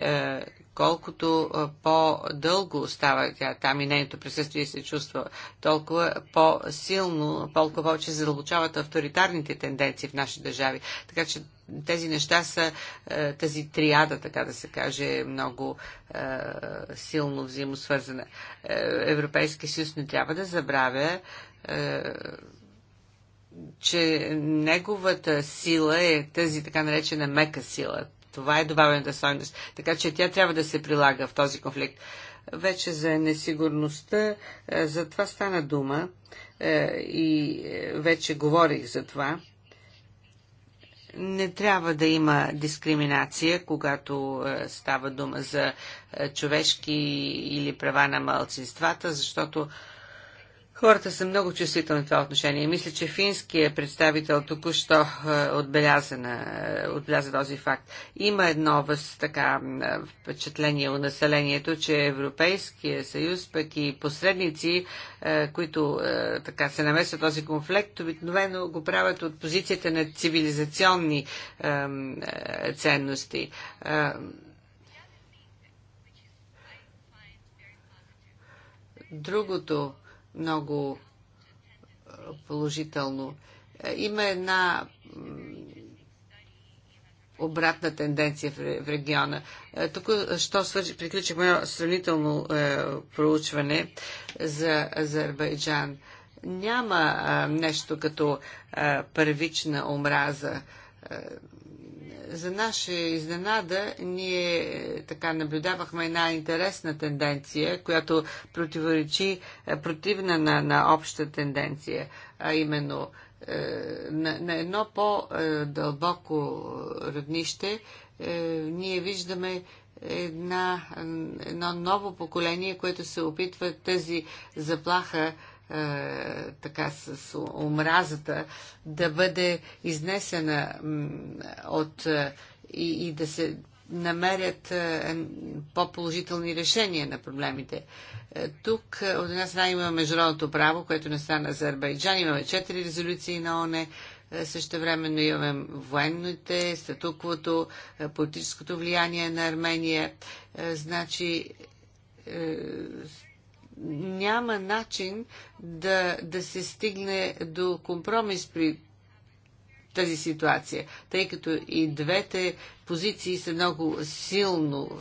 колкото по-дълго остава тя там и нейното присъствие се чувства, толкова по-силно, толкова повече задълбочават авторитарните тенденции в нашите държави. Така че тези неща са, тази триада, така да се каже, е много е, силно взаимосвързана. Е, Европейски съюз не трябва да забравя е, че неговата сила е тази така наречена мека сила, това е добавената стойност. Така че тя трябва да се прилага в този конфликт. Вече за несигурността, е, за това стана дума е, и е, вече говорих за това. Не трябва да има дискриминация, когато става дума за човешки или права на малцинствата, защото Хората са много чувствителни в това отношение. Мисля, че финският представител току-що е, отбеляза, е, отбеляза този факт. Има едно въз, така, е, впечатление у населението, че Европейския съюз, пък и посредници, които така се намесват този конфликт, обикновено го правят от позицията на цивилизационни ценности. Другото, много положително. Е, има една обратна тенденция в региона. Е, тук, що приключи приключихме сравнително е, проучване за Азербайджан. Няма е, нещо като е, първична омраза. Е, за наша изненада ние е, така наблюдавахме една интересна тенденция, която противоречи е, противна на, на обща тенденция, а именно е, на, на едно по-дълбоко роднище ние виждаме една, едно ново поколение, което се опитва тази заплаха е, така с омразата, да бъде изнесена от е, и, и да се намерят е, по-положителни решения на проблемите. Тук от една страна имаме международното право, което не стана Азербайджан. Имаме четири резолюции на ОНЕ. Също времено имаме военните, статуквото, политическото влияние на Армения. Значи няма начин да, да се стигне до компромис при тази ситуация, тъй като и двете позиции са много силно,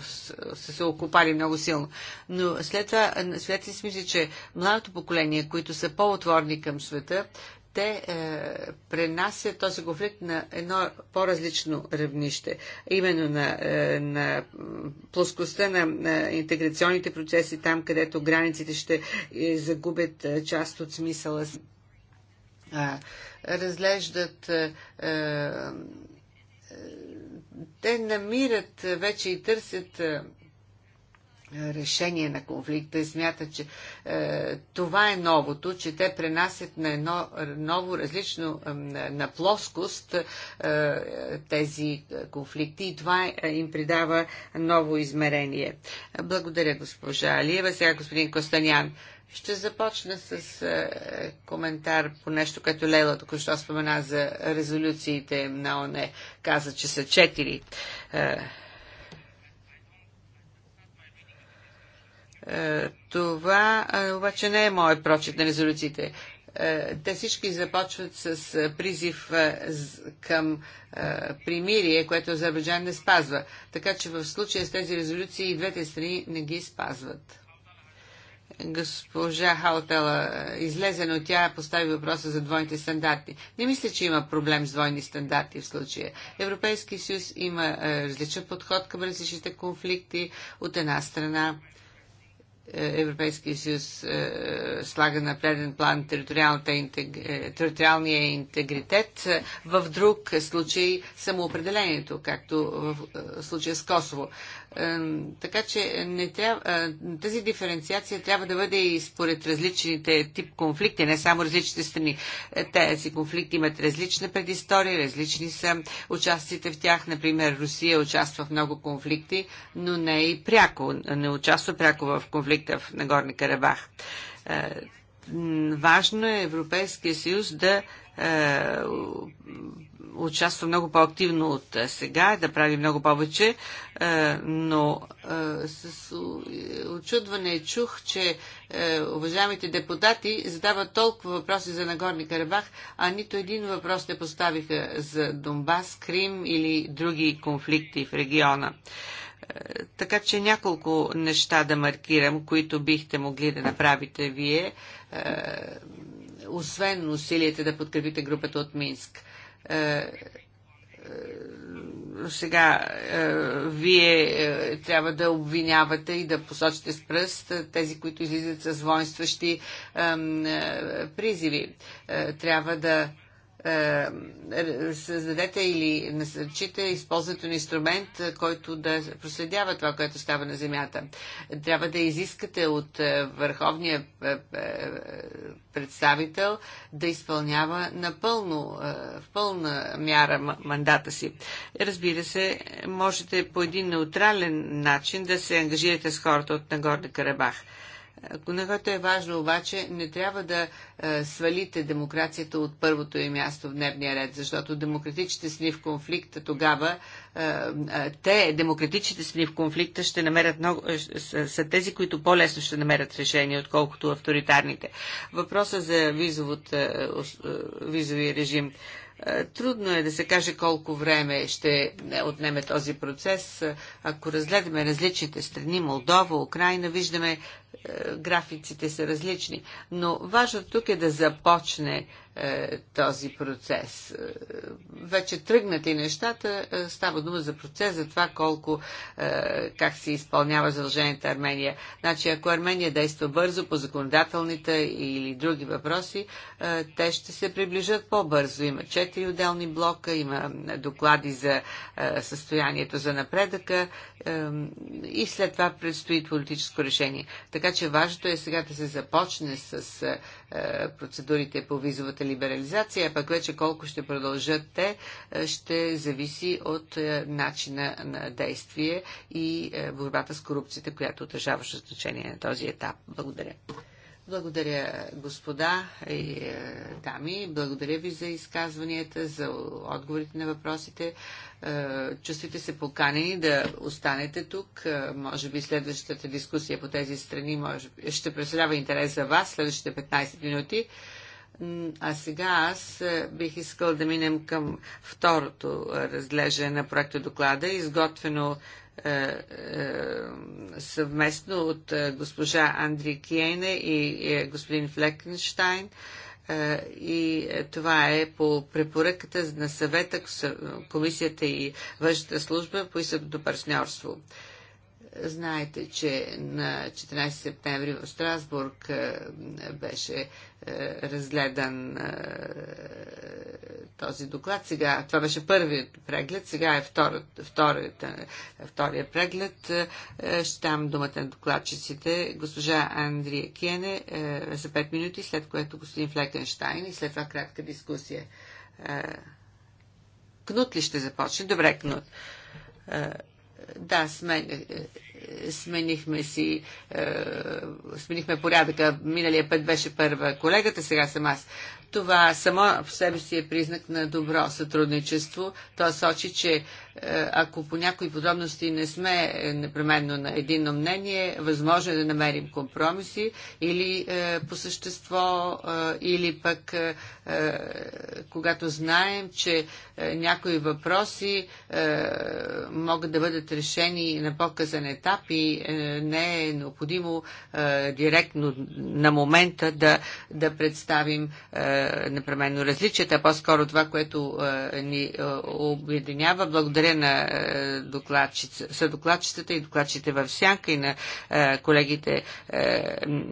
са се окупали много силно. Но след това, след си мисля, че младото поколение, които са по-отворни към света, те е, пренасят този конфликт на едно по-различно равнище, именно на, е, на плоскостта на, на интеграционните процеси, там където границите ще е, загубят е, част от смисъла. Е, разглеждат. Е, е, те намират вече и търсят. Е, решение на конфликта. Смята, че е, това е новото, че те пренасят на едно ново, различно е, на плоскост е, тези конфликти и това е, им придава ново измерение. Благодаря, госпожа Алиева. Сега господин Костанян. Ще започна с е, коментар по нещо, което Лейла току-що спомена за резолюциите на ОНЕ. Каза, че са четири. Е, Е, това е, обаче не е моят прочит на резолюциите. Е, те всички започват с призив към примирие, което Азербайджан не спазва. Така че в случая с тези резолюции и двете страни не ги спазват. Госпожа Хаутела излезе, но тя постави въпроса за двойните стандарти. Не мисля, че има проблем с двойни стандарти в случая. Европейски съюз има различен подход към различните конфликти от една страна Европейския съюз е, слага на преден план интег... Е, териториалния интегритет, е, в друг случай самоопределението, както в случая с Косово. Така че не трябва, тази диференциация трябва да бъде и според различните тип конфликти, не само различните страни. Е, тези конфликти имат различна предистория, различни са участите в тях. Например, Русия участва в много конфликти, но не и пряко, не участва пряко в конфликта в Нагорни Карабах. Е, важно е Европейския съюз да е, участва много по-активно от е, сега, да прави много повече, е, но е, с очудване чух, че уважаемите депутати задават толкова въпроси за Нагорни Карабах, а нито един въпрос не поставиха за Донбас, Крим или други конфликти в региона. Така че няколко неща да маркирам, които бихте могли да направите вие, освен усилията да подкрепите групата от Минск е, е, сега е, вие трябва да обвинявате и да посочите с пръст тези, които излизат с воинстващи призиви. трябва да е, създадете или насърчите използването на инструмент, е, който да проследява това, което става на Земята. Трябва да изискате от е, върховния представител да изпълнява напълно, в пълна мяра мандата си. Разбира се, можете по един неутрален начин да се ангажирате с хората от Нагорна Карабах. Когато е важно обаче, не трябва да е, свалите демокрацията от първото и място в дневния ред, защото демократичните сни в конфликта тогава, е, е, те, демократичните сни в конфликта ще намерят много, е, са, са тези, които по-лесно ще намерят решение, отколкото авторитарните. Въпроса за визовот, е, е, визови режим. Трудно е да се каже колко време ще отнеме този процес. Ако разгледаме различните страни, Молдова, Украина, виждаме е, графиците са различни, но важно тук е да започне е, този процес. Е, вече тръгнати нещата, е, става дума за процес, за това колко, е, как се изпълнява задълженията Армения. Значи, ако Армения действа бързо по законодателните или други въпроси, е, те ще се приближат по-бързо. Има четири отделни блока, има доклади за е, състоянието за напредъка е, и след това предстои политическо решение. Така че важното е сега да се започне с е, процедурите по визовата либерализация, а пък вече колко ще продължат те, е, ще зависи от е, начина на действие и борбата с корупцията, която отражаваше значение на този етап. Благодаря. Благодаря, господа и е, дами. Благодаря ви за изказванията, за отговорите на въпросите. Е, Чувствате се поканени да останете тук. Е, може би следващата дискусия по тези страни може, ще представлява интерес за вас следващите 15 минути. А сега аз бих искал да минем към второто разглеждане на проекта доклада, изготвено е, е, съвместно от е, госпожа Андри Киене и господин Флекенштайн и това е по препоръката на съвета, комисията и външната служба по изтъпното партньорство. Знаете, че на 14 септември в Страсбург е, беше е, разгледан е, този доклад. Сега, това беше първият преглед, сега е вторият, вторият, преглед. Ще дам думата на докладчиците. Госпожа Андрия Киене за 5 минути, след което господин Флекенштайн и след това кратка дискусия. Кнут ли ще започне? Добре, Кнут да, смен, е, е, сменихме си, е, сменихме порядъка. Миналия път беше първа колегата, сега съм аз. Това само в себе си е признак на добро сътрудничество. То сочи, че е, ако по някои подробности не сме е, непременно на едино мнение, възможно е да намерим компромиси или е, по същество, или пък когато знаем, че някои въпроси могат да бъдат решени на по-късен етап и не е необходимо директно на момента да, да представим непременно различията, а по-скоро това, което ни обединява. Благодаря благодаря на е, съдокладчицата и докладчите в сянка и на е, колегите, е,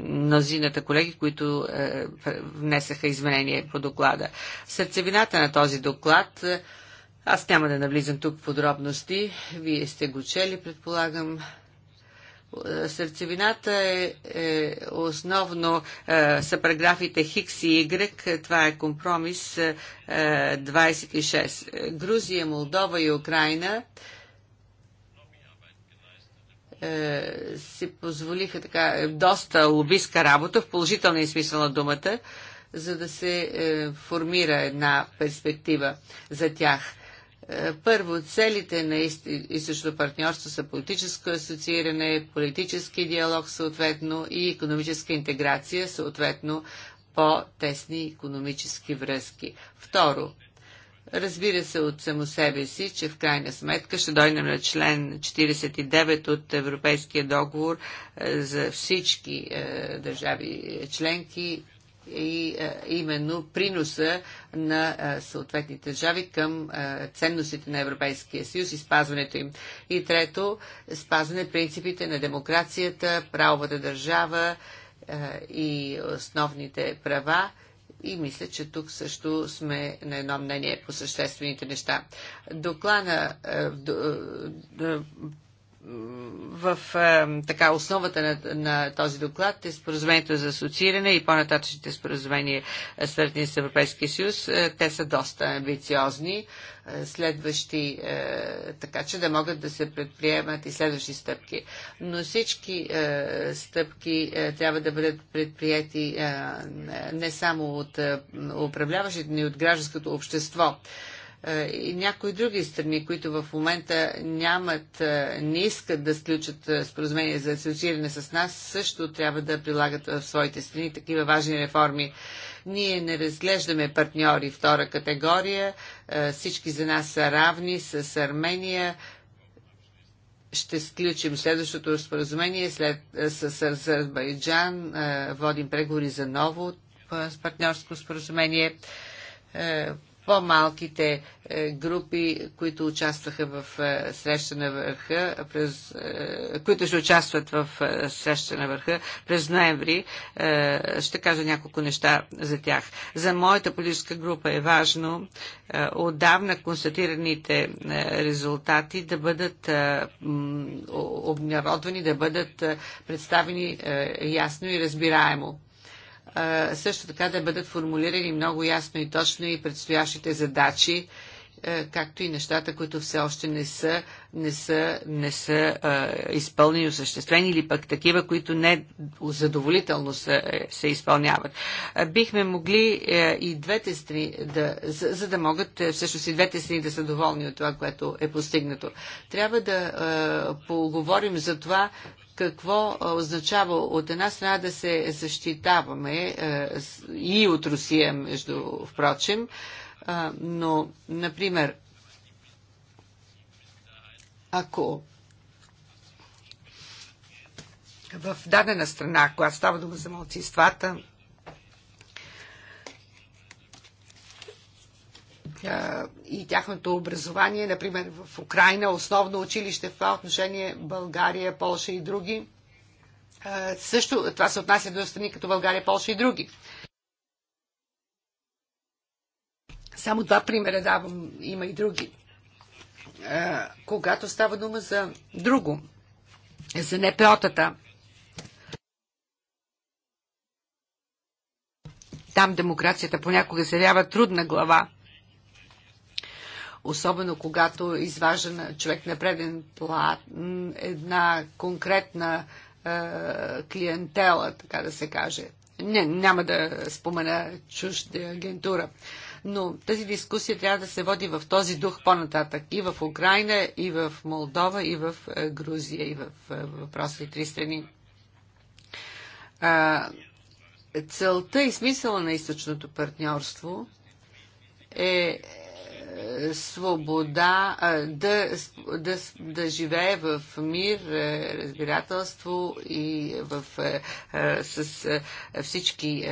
мнозината колеги, които внесаха изменение по доклада. Сърцевината на този доклад аз няма да навлизам тук в подробности. Вие сте го чели, предполагам. Сърцевината е, е основно е, са параграфите Хикс и Y. Това е компромис е, 26. Грузия, Молдова и Украина е, си позволиха така е, доста лобистка работа в положителния е смисъл на думата, за да се е, формира една перспектива за тях първо, целите на източното партньорство са политическо асоцииране, политически диалог съответно и економическа интеграция, съответно по-тесни економически връзки. Второ, разбира се от само себе си, че в крайна сметка ще дойдем на член 49 от Европейския договор е, за всички е, държави членки и е, именно приноса на е, съответните държави към е, ценностите на Европейския съюз и спазването им. И трето, спазване принципите на демокрацията, правовата държава и основните права и мисля, че тук също сме на едно мнение по съществените неща. Доклана в е, така основата на, на този доклад е споразумението за асоцииране и по-нататъчните споразумения е, свързани с Европейския съюз. Е, те са доста амбициозни, следващи, така че да могат да се предприемат и следващи стъпки. Но всички стъпки трябва да бъдат предприяти не само от управляващите, но и от гражданското общество. Е, и някои други страни, които в момента нямат, е, не искат да сключат е, споразумение за асоцииране с нас, също трябва да прилагат в своите страни такива важни реформи. Ние не разглеждаме партньори втора категория, всички за нас са равни с Армения, ще сключим следващото споразумение след, с, с Азербайджан. Водим преговори за ново партньорско споразумение по-малките е, групи, които участваха в е, среща на върха, през, е, които ще участват в среща на върха през ноември, ще кажа няколко неща за тях. За моята политическа група е важно отдавна констатираните резултати да бъдат обнародвани, да бъдат представени ясно и разбираемо също така да бъдат формулирани много ясно и точно и предстоящите задачи, както и нещата, които все още не са, не са, не са а, изпълнени, осъществени или пък такива, които не задоволително се, се изпълняват. Бихме могли а, е, и двете страни да, за, за да могат е, всъщност и двете страни да са доволни от това, което е постигнато. Трябва да а, поговорим за това какво означава от една страна да се защитаваме е, и от Русия, между впрочем, но, например, ако в дадена страна, когато става дума за малцинствата, и тяхното образование, например в Украина, основно училище в това отношение, България, Полша и други. Също това се отнася до страни като България, Полша и други. Само два примера давам, има и други. Когато става дума за друго, за НПО-тата, там демокрацията понякога се ява трудна глава особено когато изважда на човек на преден план една конкретна е, клиентела, така да се каже. Не, няма да спомена чужда агентура. Но тази дискусия трябва да се води в този дух по-нататък. И в Украина, и в Молдова, и в Грузия, и в въпросите три страни. Целта и смисъла на източното партньорство е свобода, да, да, да живее в мир, разбирателство и в, с всички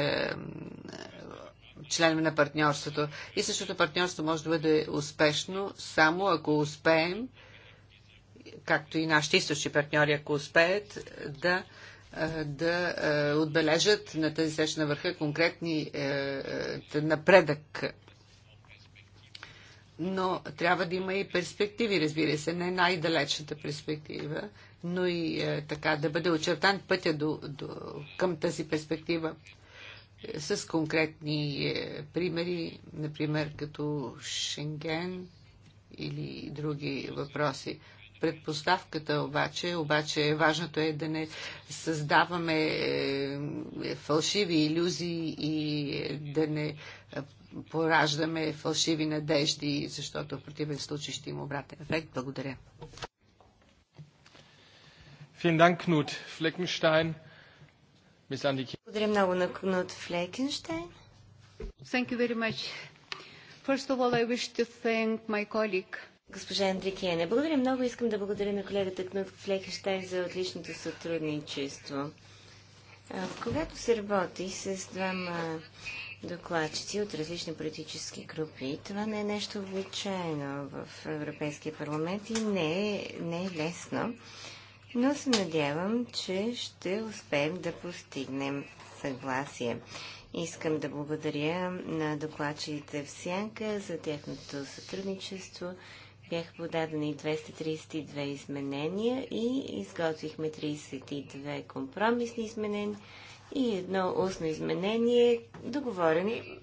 членове на партньорството. И същото партньорство може да бъде успешно само ако успеем, както и нашите източни партньори, ако успеят да да отбележат на тази среща на върха конкретни напредък но трябва да има и перспективи, разбира се, не най-далечната перспектива, но и е, така да бъде очертан пътя до, до, към тази перспектива е, с конкретни е, примери, например като Шенген или други въпроси. Предпоставката обаче, обаче е важното е да не създаваме е, е фалшиви иллюзии и е, да не пораждаме фалшиви надежди, защото в противен случай ще има обратен ефект. Благодаря. Благодаря много на Кнут Флекенштайн. Thank you very much. First of all, I wish to thank my colleague. Госпожа Андрикиене, благодаря много. Искам да благодаря на колегата Кнут Флекенштейн за отличното сътрудничество. Когато се работи с двама докладчици от различни политически групи. Това не е нещо обичайно в Европейския парламент и не е, не е лесно, но се надявам, че ще успеем да постигнем съгласие. Искам да благодаря на докладчите в Сянка за тяхното сътрудничество. Бяха подадени 232 изменения и изготвихме 32 компромисни изменения и едно устно изменение, договорени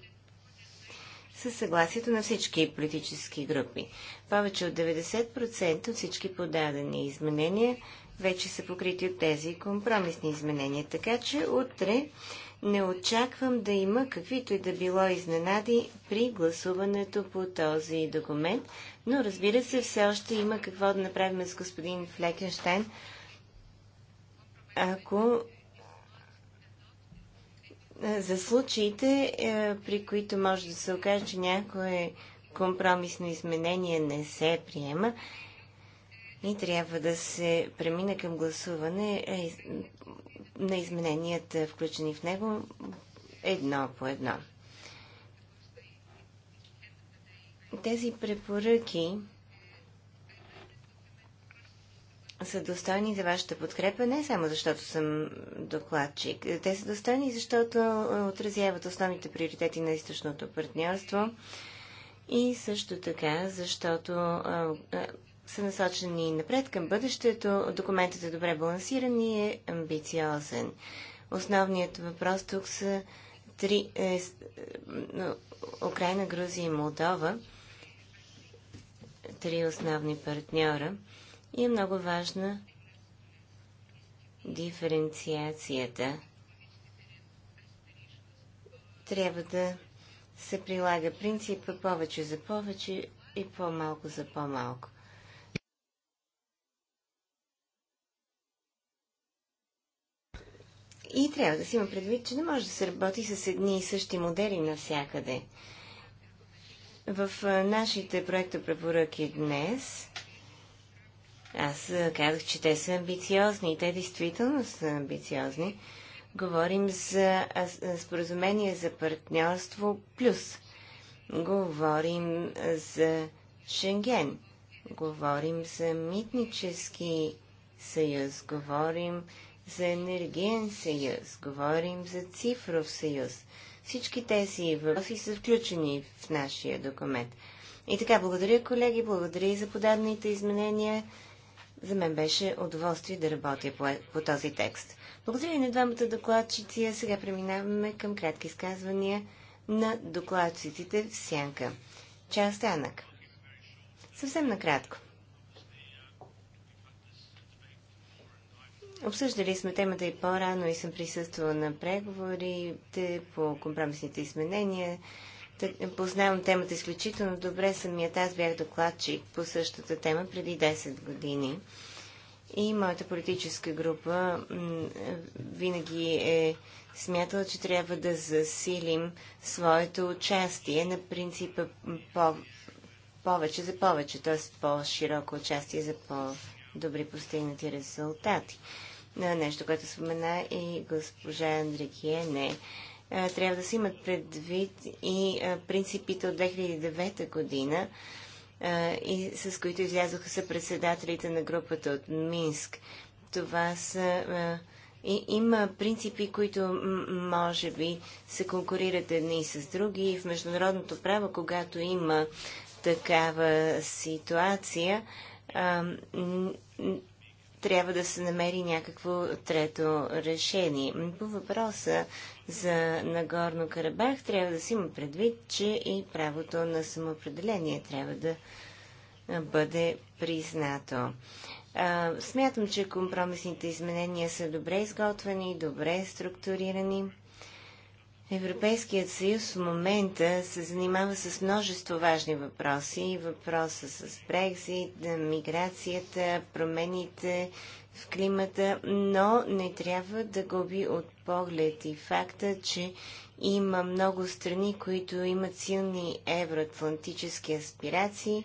със съгласието на всички политически групи. Повече от 90% от всички подадени изменения вече са покрити от тези компромисни изменения. Така че утре не очаквам да има каквито и да било изненади при гласуването по този документ, но разбира се, все още има какво да направим с господин Флекенштайн, ако е, за случаите, е, при които може да се окаже, че някое компромисно изменение не се приема и трябва да се премине към гласуване е, на измененията, включени в него, едно по едно. Тези препоръки са достойни за вашата подкрепа, не само защото съм докладчик. Те са достойни, защото отразяват основните приоритети на източното партньорство и също така, защото са насочени напред към бъдещето. Документът е добре балансиран и е амбициозен. Основният въпрос тук са три, е, е Украина, Грузия и Молдова. Три основни партньора – и е много важна диференциацията. Трябва да се прилага принципа повече за повече и по-малко за по-малко. И трябва да си има предвид, че не може да се работи с едни и същи модели навсякъде. В нашите проекта препоръки днес аз казах, че те са амбициозни и те действително са амбициозни. Говорим за споразумение за партньорство плюс. Говорим за Шенген. Говорим за митнически съюз. Говорим за енергиен съюз. Говорим за цифров съюз. Всички тези въпроси са включени в нашия документ. И така, благодаря, колеги, благодаря и за подобните изменения. За мен беше удоволствие да работя по, по този текст. Благодаря на двамата докладчици. Сега преминаваме към кратки изказвания на докладчиците в сянка. Част Янък. Съвсем накратко. Обсъждали сме темата и по-рано и съм присъствала на преговорите по компромисните изменения. Познавам темата изключително добре. Самият аз бях докладчик по същата тема преди 10 години. И моята политическа група винаги е смятала, че трябва да засилим своето участие на принципа по- повече за повече, т.е. по-широко участие за по-добри постигнати резултати. Нещо, което спомена и госпожа Андрекиене. Е, трябва да се имат предвид и е, принципите от 2009 година, е, и с които излязоха са председателите на групата от Минск. Това са. И, има принципи, които може би се конкурират едни с други и в международното право, когато има такава ситуация, трябва да се намери някакво трето решение. По въпроса за Нагорно Карабах трябва да си има предвид, че и правото на самоопределение трябва да бъде признато. смятам, че компромисните изменения са добре изготвени, добре структурирани. Европейският съюз в момента се занимава с множество важни въпроси. Въпроса с Брекзит, миграцията, промените в климата, но не трябва да губи от поглед и факта, че има много страни, които имат силни евроатлантически аспирации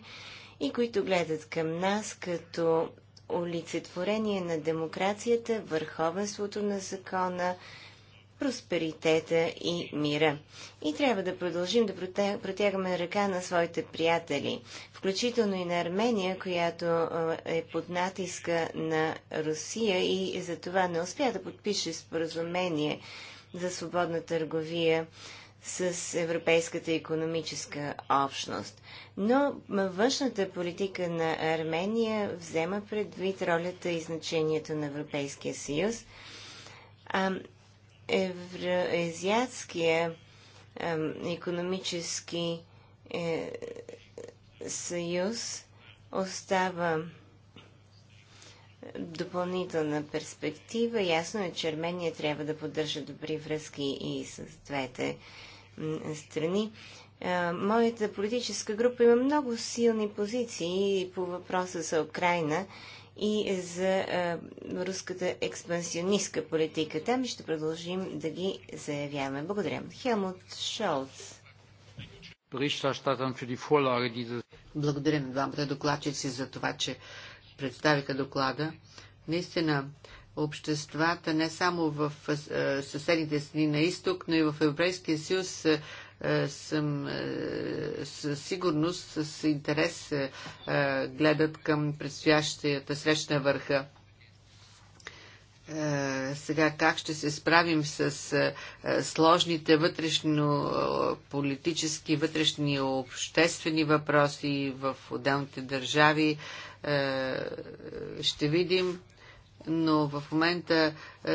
и които гледат към нас като олицетворение на демокрацията, върховенството на закона, просперитета и мира. И трябва да продължим да протягаме ръка на своите приятели, включително и на Армения, която е, е под натиска на Русия и за това не успя да подпише споразумение за свободна търговия с Европейската економическа общност. Но външната политика на Армения взема предвид ролята и значението на Европейския съюз. А, Евроазиатския економически е, съюз остава допълнителна перспектива. Ясно е, че Армения трябва да поддържа добри връзки и с двете страни. Моята политическа група има много силни позиции по въпроса за Украина и за руската експансионистка политика. Там ще продължим да ги заявяваме. Благодаря. Хелмут Шолц. Благодаря двамата докладчици за това, че представиха доклада. Наистина, обществата не само в съседните страни на изток, но и в Европейския съюз е, съм е, със сигурност, с интерес е, гледат към предстоящата срещна върха сега как ще се справим с сложните вътрешно политически, вътрешни обществени въпроси в отделните държави, ще видим. Но в момента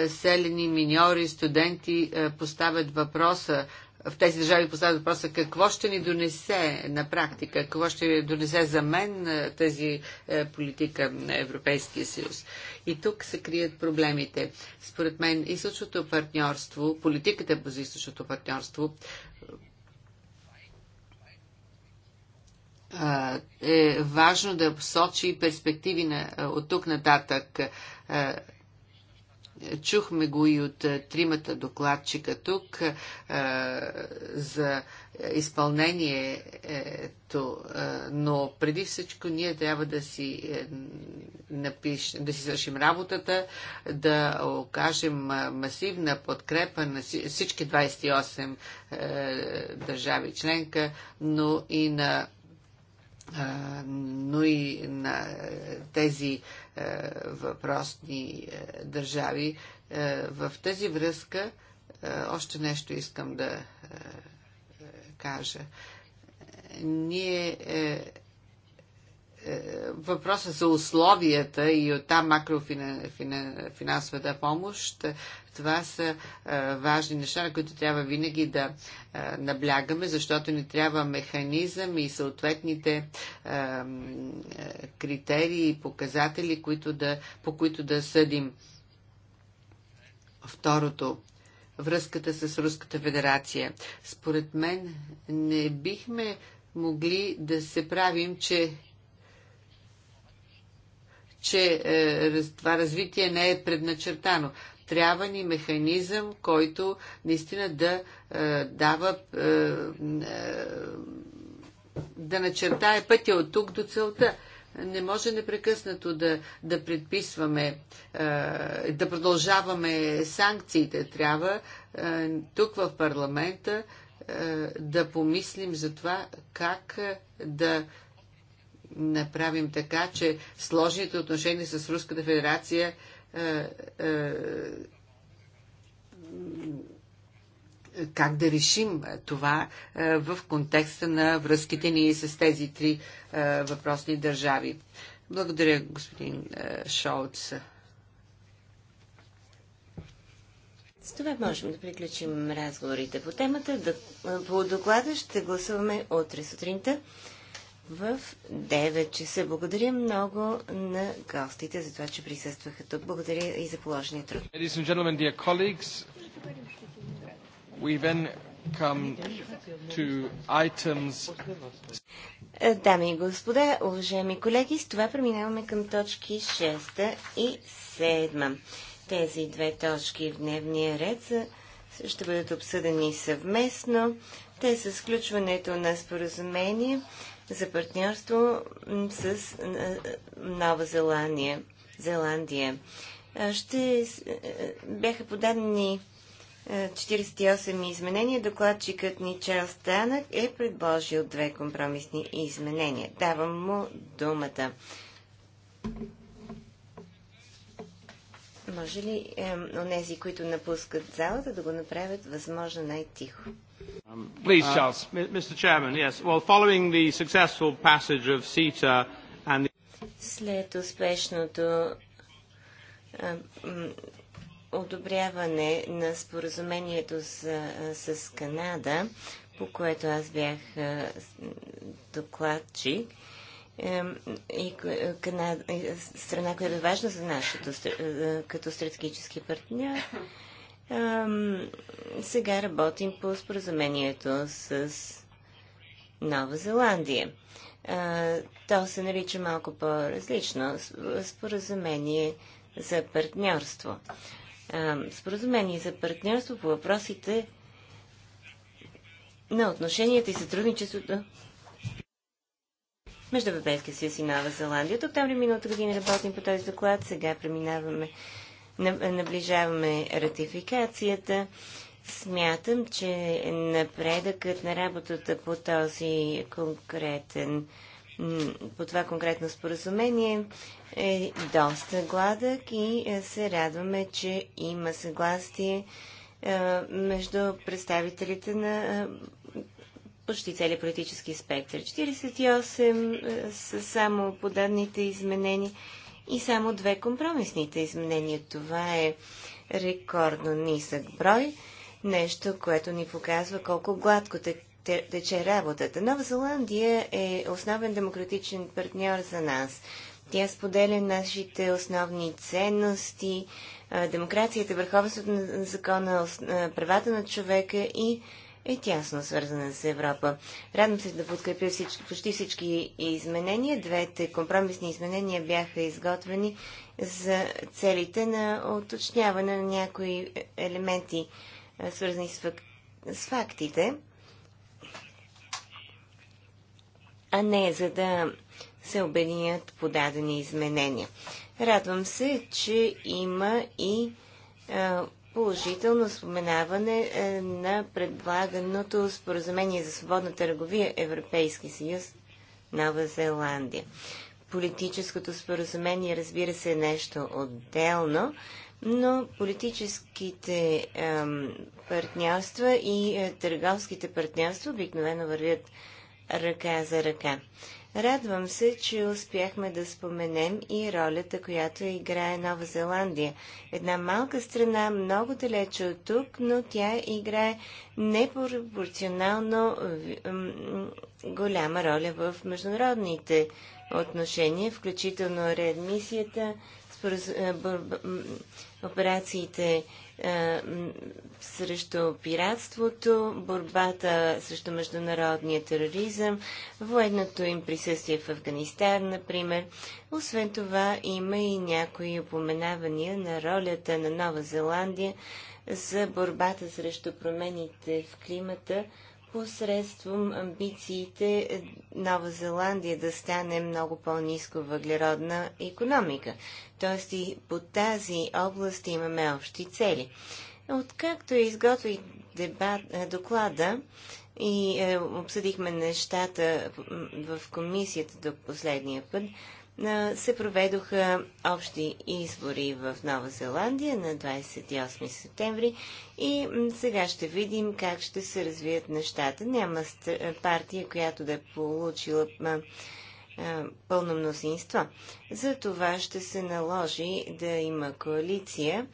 селени, миньори, студенти поставят въпроса в тези държави поставят въпроса какво ще ни донесе на практика, какво ще ни донесе за мен е, тази е, политика на Европейския съюз. И тук се крият проблемите. Според мен източното партньорство, политиката за източното партньорство е важно да посочи перспективи на, от тук нататък е, Чухме го и от е, тримата докладчика тук е, за изпълнението, е, но преди всичко ние трябва да си, напиш, да си свършим работата, да окажем масивна подкрепа на всички 28 държави членка, но и на но и на е, тези е, въпросни е, държави. В тази връзка още нещо искам да кажа. Ние въпроса за условията и от там макрофинансовата помощ, това са важни неща, на които трябва винаги да наблягаме, защото ни трябва механизъм и съответните критерии и показатели, които да, по които да съдим. Второто връзката с Руската федерация. Според мен не бихме могли да се правим, че че е, това развитие не е предначертано. Трябва ни механизъм, който наистина да е, дава. Е, е, да начертае пътя от тук до целта. Не може непрекъснато да, да предписваме, е, да продължаваме санкциите. Трябва е, тук в парламента е, да помислим за това как да направим така, че сложните отношения с Руската федерация е, е, как да решим това е, в контекста на връзките ни с тези три въпросни държави. Благодаря, господин Шолц. С това можем да приключим разговорите по темата. По доклада ще гласуваме утре сутринта в 9 часа. Благодаря много на гостите за това, че присъстваха тук. Благодаря и за положения труд. Е, дами и господа, уважаеми колеги, с това преминаваме към точки 6 и 7. Тези две точки в дневния ред са, ще бъдат обсъдени съвместно. Те са сключването на споразумение за партньорство с е, Нова Зеландия. Зеландия. Ще е, е, бяха подадени 48 изменения. Докладчикът ни Чарлз Танък е предложил две компромисни изменения. Давам му думата. Може ли е, онези, които напускат залата, да го направят възможно най-тихо? Um, Please, uh, Charles. Mr. Chairman, yes. Well, following the successful passage of CETA and the... След успешното одобряване на споразумението с, с Канада, по което аз бях а, докладчик, и Канада, страна, която е важна за нашето като стратегически партньор, Ам, сега работим по споразумението с Нова Зеландия. А, то се нарича малко по-различно споразумение за партньорство. споразумение за партньорство по въпросите на отношенията и сътрудничеството между Европейския съюз и Нова Зеландия. От октомври миналата година работим по този доклад. Сега преминаваме наближаваме ратификацията. Смятам, че напредъкът на работата по този конкретен по това конкретно споразумение е доста гладък и е, се радваме, че има съгласие е, между представителите на е, почти цели политически спектър. 48 са само подадените изменения и само две компромисните изменения. Това е рекордно нисък брой, нещо, което ни показва колко гладко тече работата. Нова Зеландия е основен демократичен партньор за нас. Тя споделя нашите основни ценности, демокрацията, върховенството на закона, правата на човека и е тясно свързана с Европа. Радвам се да подкрепя всички, почти всички изменения. Двете компромисни изменения бяха изготвени за целите на уточняване на някои елементи, свързани с, фак... с фактите, а не за да се обединят подадени изменения. Радвам се, че има и а, положително споменаване е, на предлаганото споразумение за свободна търговия Европейски съюз Нова Зеландия. Политическото споразумение, разбира се, е нещо отделно, но политическите ем, партньорства и е, търговските партньорства обикновено вървят ръка за ръка. Радвам се, че успяхме да споменем и ролята, която играе Нова Зеландия. Една малка страна, много далече от тук, но тя играе непропорционално голяма роля в международните отношения, включително реадмисията, спораз... операциите е, срещу пиратството, борбата срещу международния тероризъм, военното им присъствие в Афганистан, например. Освен това, има и някои упоменавания на ролята на Нова Зеландия за борбата срещу промените в климата – посредством амбициите Нова Зеландия да стане много по-низко въглеродна економика. Тоест и по тази област имаме общи цели. Откакто е изготвих дебат, е, доклада и е, обсъдихме нещата в комисията до последния път, се проведоха общи избори в Нова Зеландия на 28 септември и сега ще видим как ще се развият нещата. Няма партия, която да е получила пълно мнозинство. За това ще се наложи да има коалиция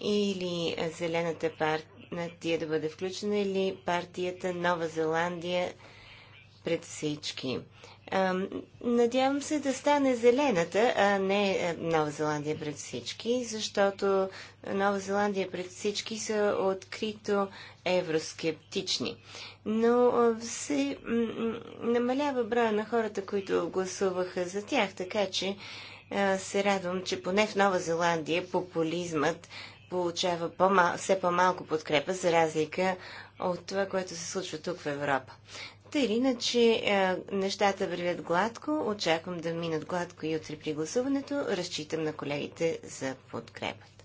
или Зелената партия да бъде включена или партията Нова Зеландия пред всички. Надявам се да стане зелената, а не е, Нова Зеландия пред всички, защото Нова Зеландия пред всички са открито евроскептични. Но се намалява броя на хората, които гласуваха за тях, така че се радвам, че поне в Нова Зеландия популизмът получава по все по-малко подкрепа за разлика от това, което се случва тук в Европа. Та или иначе е, нещата вървят гладко, очаквам да минат гладко и утре при гласуването, разчитам на колегите за подкрепата.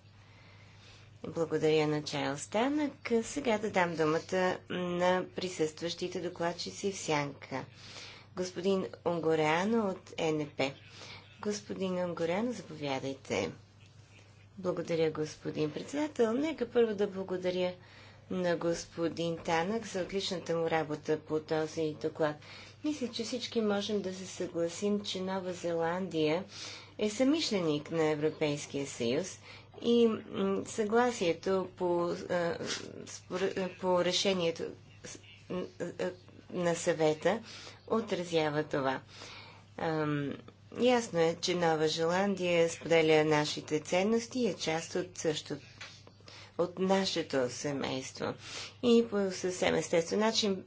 Благодаря на Чайл Станък. Сега да дам думата на присъстващите докладчици в Сянка. Господин Онгоряно от НП. Господин Онгоряно, заповядайте. Благодаря, господин председател. Нека първо да благодаря на господин Танък за отличната му работа по този доклад. Мисля, че всички можем да се съгласим, че Нова Зеландия е съмишленик на Европейския съюз и съгласието по, по решението на съвета отразява това. Ясно е, че Нова Желандия споделя нашите ценности и е част от същото от нашето семейство. И по съвсем естествен начин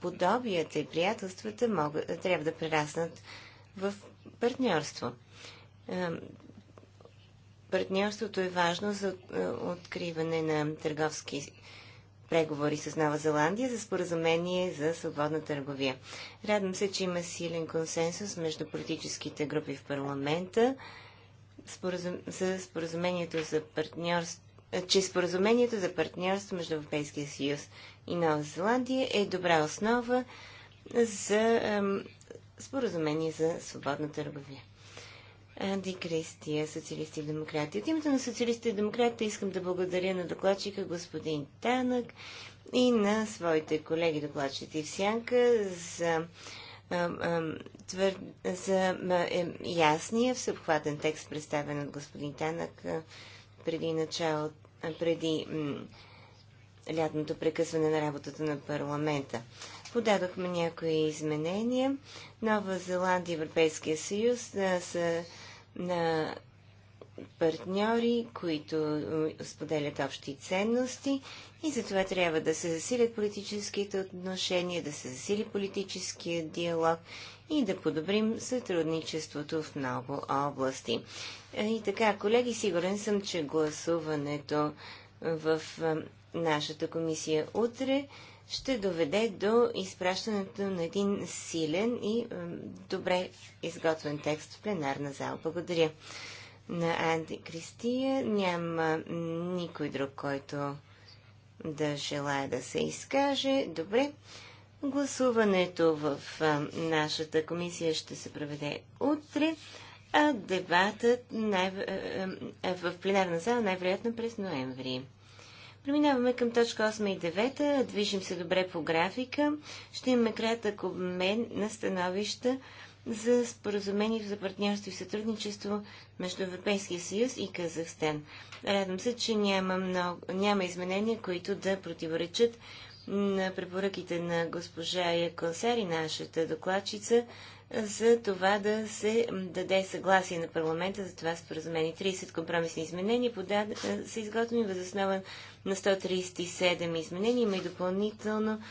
подобията и приятелствата могат, трябва да прераснат в партньорство. Е, партньорството е важно за е, откриване на търговски преговори с Нова Зеландия за споразумение за свободна търговия. Радвам се, че има силен консенсус между политическите групи в парламента споразум... за споразумението за партньорство е, че споразумението за партньорство между Европейския съюз и Нова Зеландия е добра основа за споразумение за свободна търговия. Анди Кристия, социалисти и демократи. От името на социалистите и демократите искам да благодаря на докладчика господин Танък и на своите колеги докладчици в Сянка за, твър... за ясния, всеобхватен текст, представен от господин Танък преди начало, преди лятното прекъсване на работата на парламента. Подадохме някои изменения. Нова Зеландия и Европейския съюз да са на партньори, които споделят общи ценности и затова трябва да се засилят политическите отношения, да се засили политическия диалог и да подобрим сътрудничеството в много области. Е, и така, колеги, сигурен съм, че гласуването в е, нашата комисия утре ще доведе до изпращането на един силен и е, добре изготвен текст в пленарна зала. Благодаря на Анди Кристия. Няма никой друг, който да желая да се изкаже. Добре. Гласуването в нашата комисия ще се проведе утре, а дебатът най- в пленарна зала най-вероятно през ноември. Преминаваме към точка 8 и 9. Движим се добре по графика. Ще имаме кратък обмен на становища за споразумението за партньорство и сътрудничество между Европейския съюз и Казахстан. Радвам се, че няма, много, няма изменения, които да противоречат на препоръките на госпожа Яконсари, нашата докладчица, за това да се даде съгласие на парламента за това споразумение. 30 компромисни изменения подад... са изготвени възоснова на 137 изменения. Има и допълнително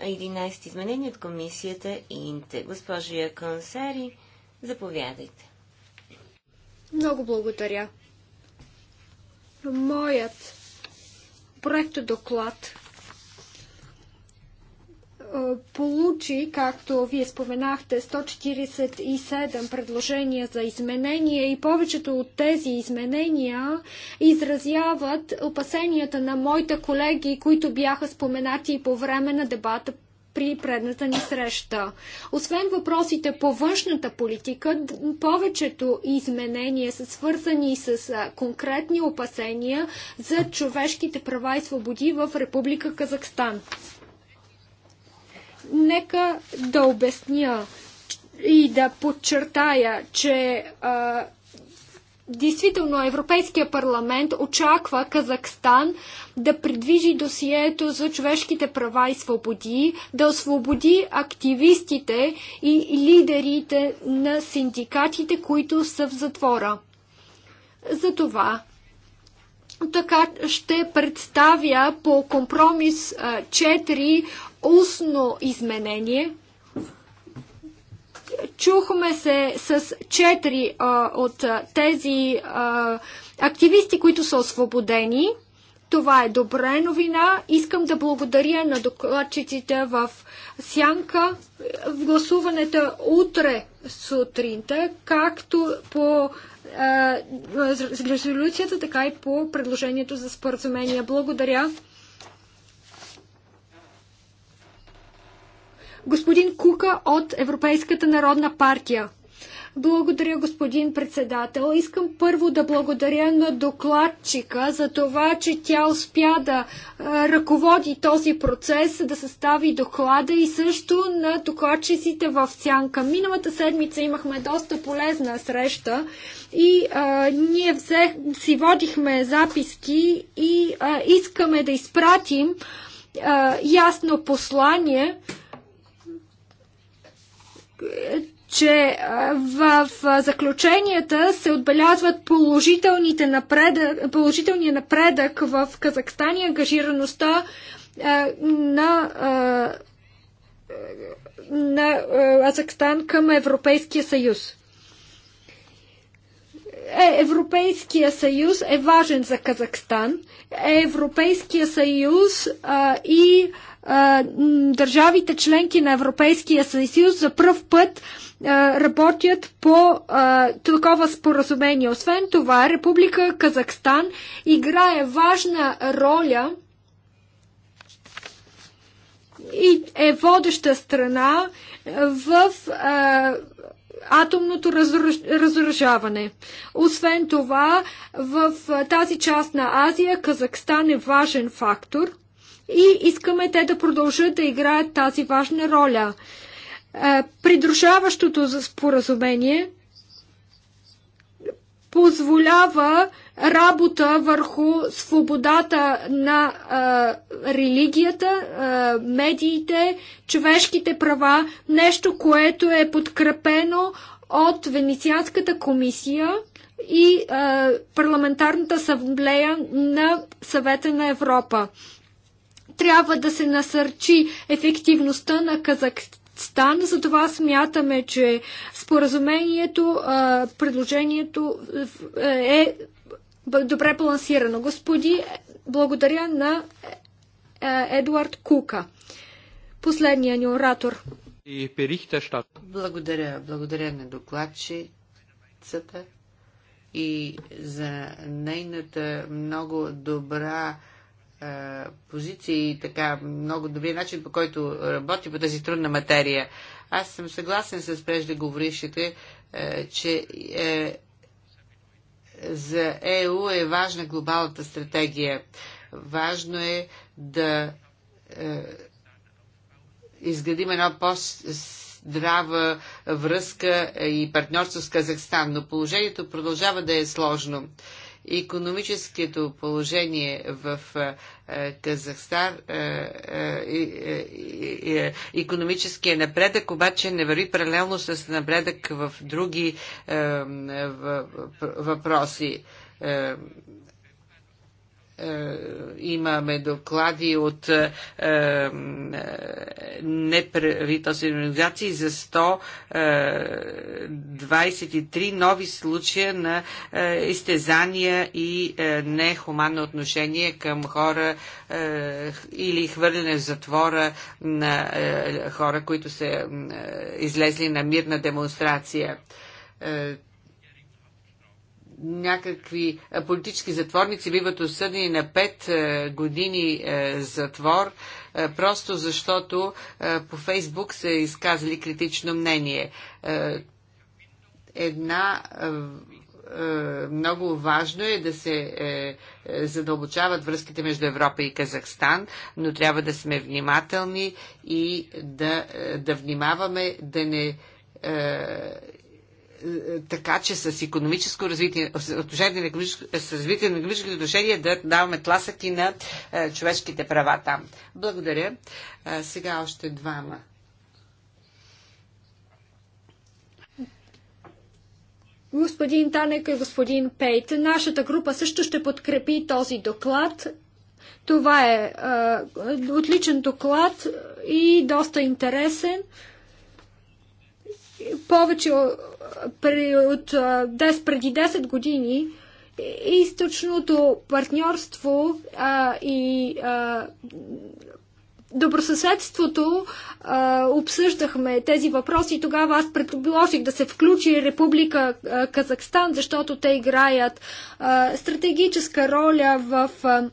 11 изменения от комисията ИНТЕ. Госпожа Яконсери, заповядайте. Много благодаря. Моят проектодоклад е, получи, както вие споменахте, 147 предложения за изменения и повечето от тези изменения изразяват опасенията на моите колеги, които бяха споменати и по време на дебата при предната ни среща. Освен въпросите по външната политика, повечето изменения са свързани с конкретни опасения за човешките права и свободи в Република Казахстан. Нека да обясня и да подчертая, че а, действително Европейския парламент очаква Казахстан да придвижи досието за човешките права и свободи, да освободи активистите и лидерите на синдикатите, които са в затвора. Затова така ще представя по компромис 4 устно изменение. Чухме се с четири а, от тези а, активисти, които са освободени. Това е добра новина. Искам да благодаря на докладчиците в Сянка. В гласуването е утре сутринта, както по резолюцията, така и по предложението за споразумение. Благодаря. господин Кука от Европейската народна партия. Благодаря, господин председател. Искам първо да благодаря на докладчика за това, че тя успя да ръководи този процес, да състави доклада и също на докладчиците в Сянка. Миналата седмица имахме доста полезна среща и а, ние взех, си водихме записки и а, искаме да изпратим а, ясно послание, че в заключенията се отбелязват положителните напредък, положителния напредък в Казахстан и ангажираността на на Азахстан към Европейския съюз. Е, Европейския съюз е важен за Казахстан. Е, Европейския съюз а, и държавите членки на Европейския съюз за първ път работят по такова споразумение. Освен това, Република Казахстан играе важна роля и е водеща страна в атомното разоръжаване. Освен това, в тази част на Азия Казахстан е важен фактор – и искаме те да продължат да играят тази важна роля. Е, придружаващото споразумение позволява работа върху свободата на а, е, религията, а, е, медиите, човешките права, нещо, което е подкрепено от Венецианската комисия и а, парламентарната асамблея на съвета на Европа трябва да се насърчи ефективността на Казахстан. Затова смятаме, че споразумението, предложението е добре балансирано. Господи, благодаря на Едуард Кука, последния ни оратор. Благодаря. Благодаря на докладчицата и за нейната много добра позиции и така много добрия начин, по който работи по тази трудна материя. Аз съм съгласен с преждеговорившите, че е, за ЕУ е важна глобалната стратегия. Важно е да е, изградим едно по-здрава връзка и партньорство с Казахстан, но положението продължава да е сложно. Економическото положение в е, Казахстан, економическия е, е, напредък обаче не върви паралелно с напредък в други въпроси е, имаме доклади от е, е, неправителствени организации за 123 нови случая на изтезания и нехуманно отношение към хора или хвърляне в затвора на хора, които са излезли на мирна демонстрация някакви политически затворници биват осъдени на 5 години затвор, просто защото по Фейсбук са изказали критично мнение. Една много важно е да се е, е, задълбочават връзките между Европа и Казахстан, но трябва да сме внимателни и да, е, да внимаваме да не така, че с економическо развитие, отношение на економическо, с развитие на економическите отношения да даваме тласък и на е, човешките права там. Благодаря. Е, сега още двама. Господин Танек и господин Пейт, нашата група също ще подкрепи този доклад. Това е, е отличен доклад и доста интересен повече при, от 10, преди 10 години източното партньорство а, и а, добросъседството а, обсъждахме тези въпроси. Тогава аз предложих да се включи Република Казахстан, защото те играят а, стратегическа роля в. А,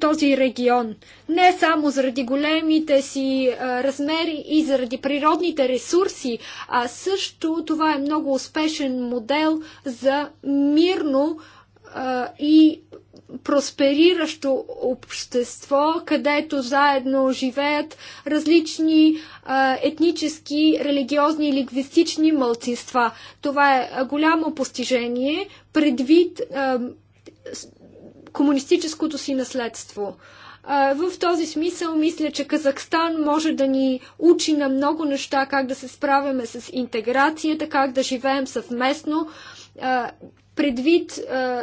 този регион. Не само заради големите си размери и заради природните ресурси, а също това е много успешен модел за мирно и проспериращо общество, където заедно живеят различни а, етнически, религиозни и лингвистични мълцинства. Това е голямо постижение предвид а, комунистическото си наследство. В този смисъл мисля, че Казахстан може да ни учи на много неща, как да се справяме с интеграцията, как да живеем съвместно, предвид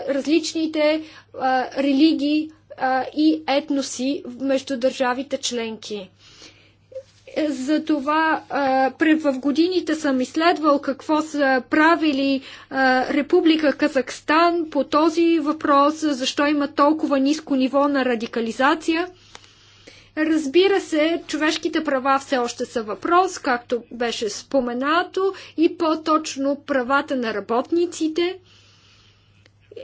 различните религии и етноси между държавите членки. За това в годините съм изследвал какво са правили Република Казахстан по този въпрос, защо има толкова ниско ниво на радикализация. Разбира се, човешките права все още са въпрос, както беше споменато, и по-точно правата на работниците.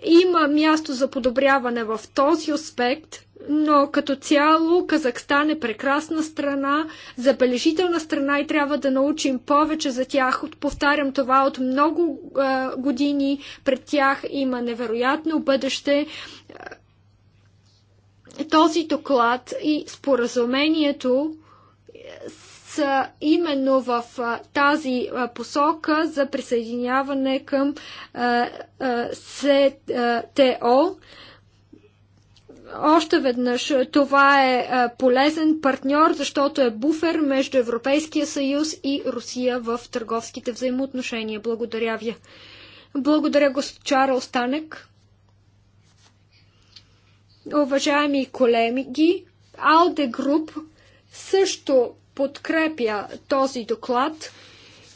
Има място за подобряване в този аспект – но като цяло Казахстан е прекрасна страна, забележителна страна и трябва да научим повече за тях. Повтарям това от много а, години. Пред тях има невероятно бъдеще. Този доклад и споразумението са именно в а, тази а, посока за присъединяване към а, СТО. Още веднъж, това е, е полезен партньор, защото е буфер между Европейския съюз и Русия в търговските взаимоотношения. Благодаря ви. Благодаря, госпожа Останек. Уважаеми колеги, Алде Груп също подкрепя този доклад.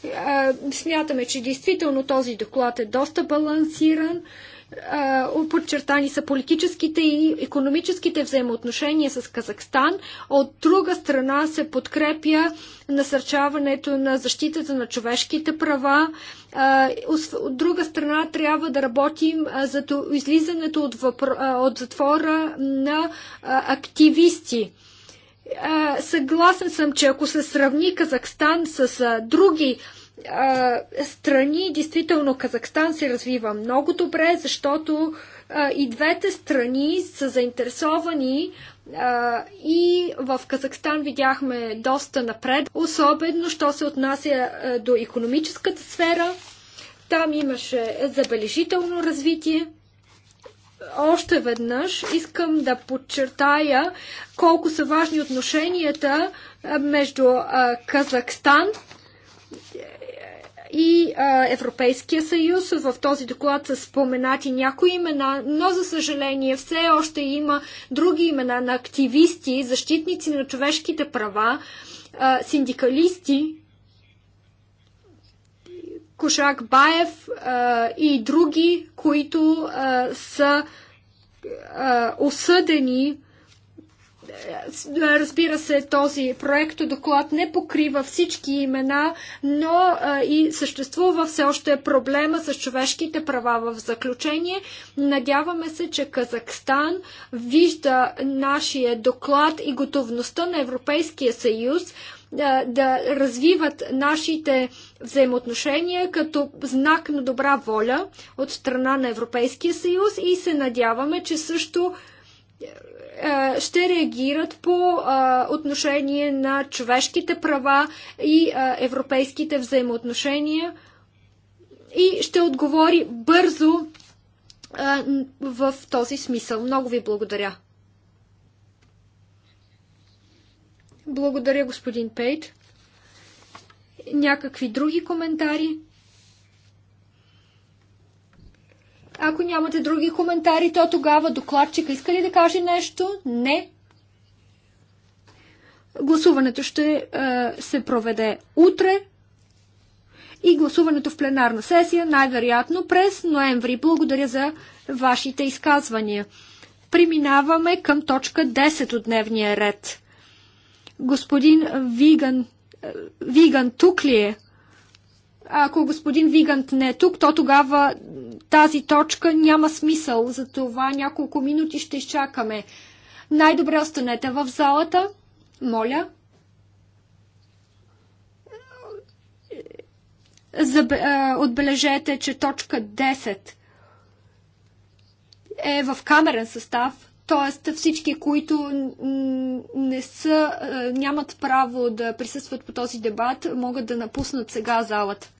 Е, смятаме, че действително този доклад е доста балансиран подчертани са политическите и економическите взаимоотношения с Казахстан. От друга страна се подкрепя насърчаването на защитата на човешките права. От друга страна трябва да работим за излизането от, въпро... от затвора на активисти съгласен съм, че ако се сравни Казахстан с други страни, действително Казахстан се развива много добре, защото и двете страни са заинтересовани и в Казахстан видяхме доста напред, особено що се отнася до економическата сфера. Там имаше забележително развитие. Още веднъж искам да подчертая колко са важни отношенията между Казахстан и а, Европейския съюз. В този доклад са споменати някои имена, но за съжаление все още има други имена на активисти, защитници на човешките права, а, синдикалисти, Кошак Баев а, и други, които а, са а, осъдени е, разбира се, този проект доклад не покрива всички имена, но е, и съществува все още проблема с човешките права в заключение. Надяваме се, че Казахстан вижда нашия доклад и готовността на Европейския съюз да, е, да развиват нашите взаимоотношения като знак на добра воля от страна на Европейския съюз и се надяваме, че също е, ще реагират по е, отношение на човешките права и е, европейските взаимоотношения и ще отговори бързо в този смисъл. Много ви благодаря. Благодаря, господин Пейт. Някакви други коментари? Ако нямате други коментари, то тогава докладчика иска ли да каже нещо? Не. Гласуването ще е, се проведе утре и гласуването в пленарна сесия най-вероятно през ноември. Благодаря за вашите изказвания. Преминаваме към точка 10 от дневния ред. Господин Виган, е, Виган тук ли е? Ако господин Вигант не е тук, то тогава тази точка няма смисъл, за това няколко минути ще изчакаме. Най-добре останете в залата, моля. Отбележете, че точка 10 е в камерен състав, т.е. всички, които не са, нямат право да присъстват по този дебат, могат да напуснат сега залата.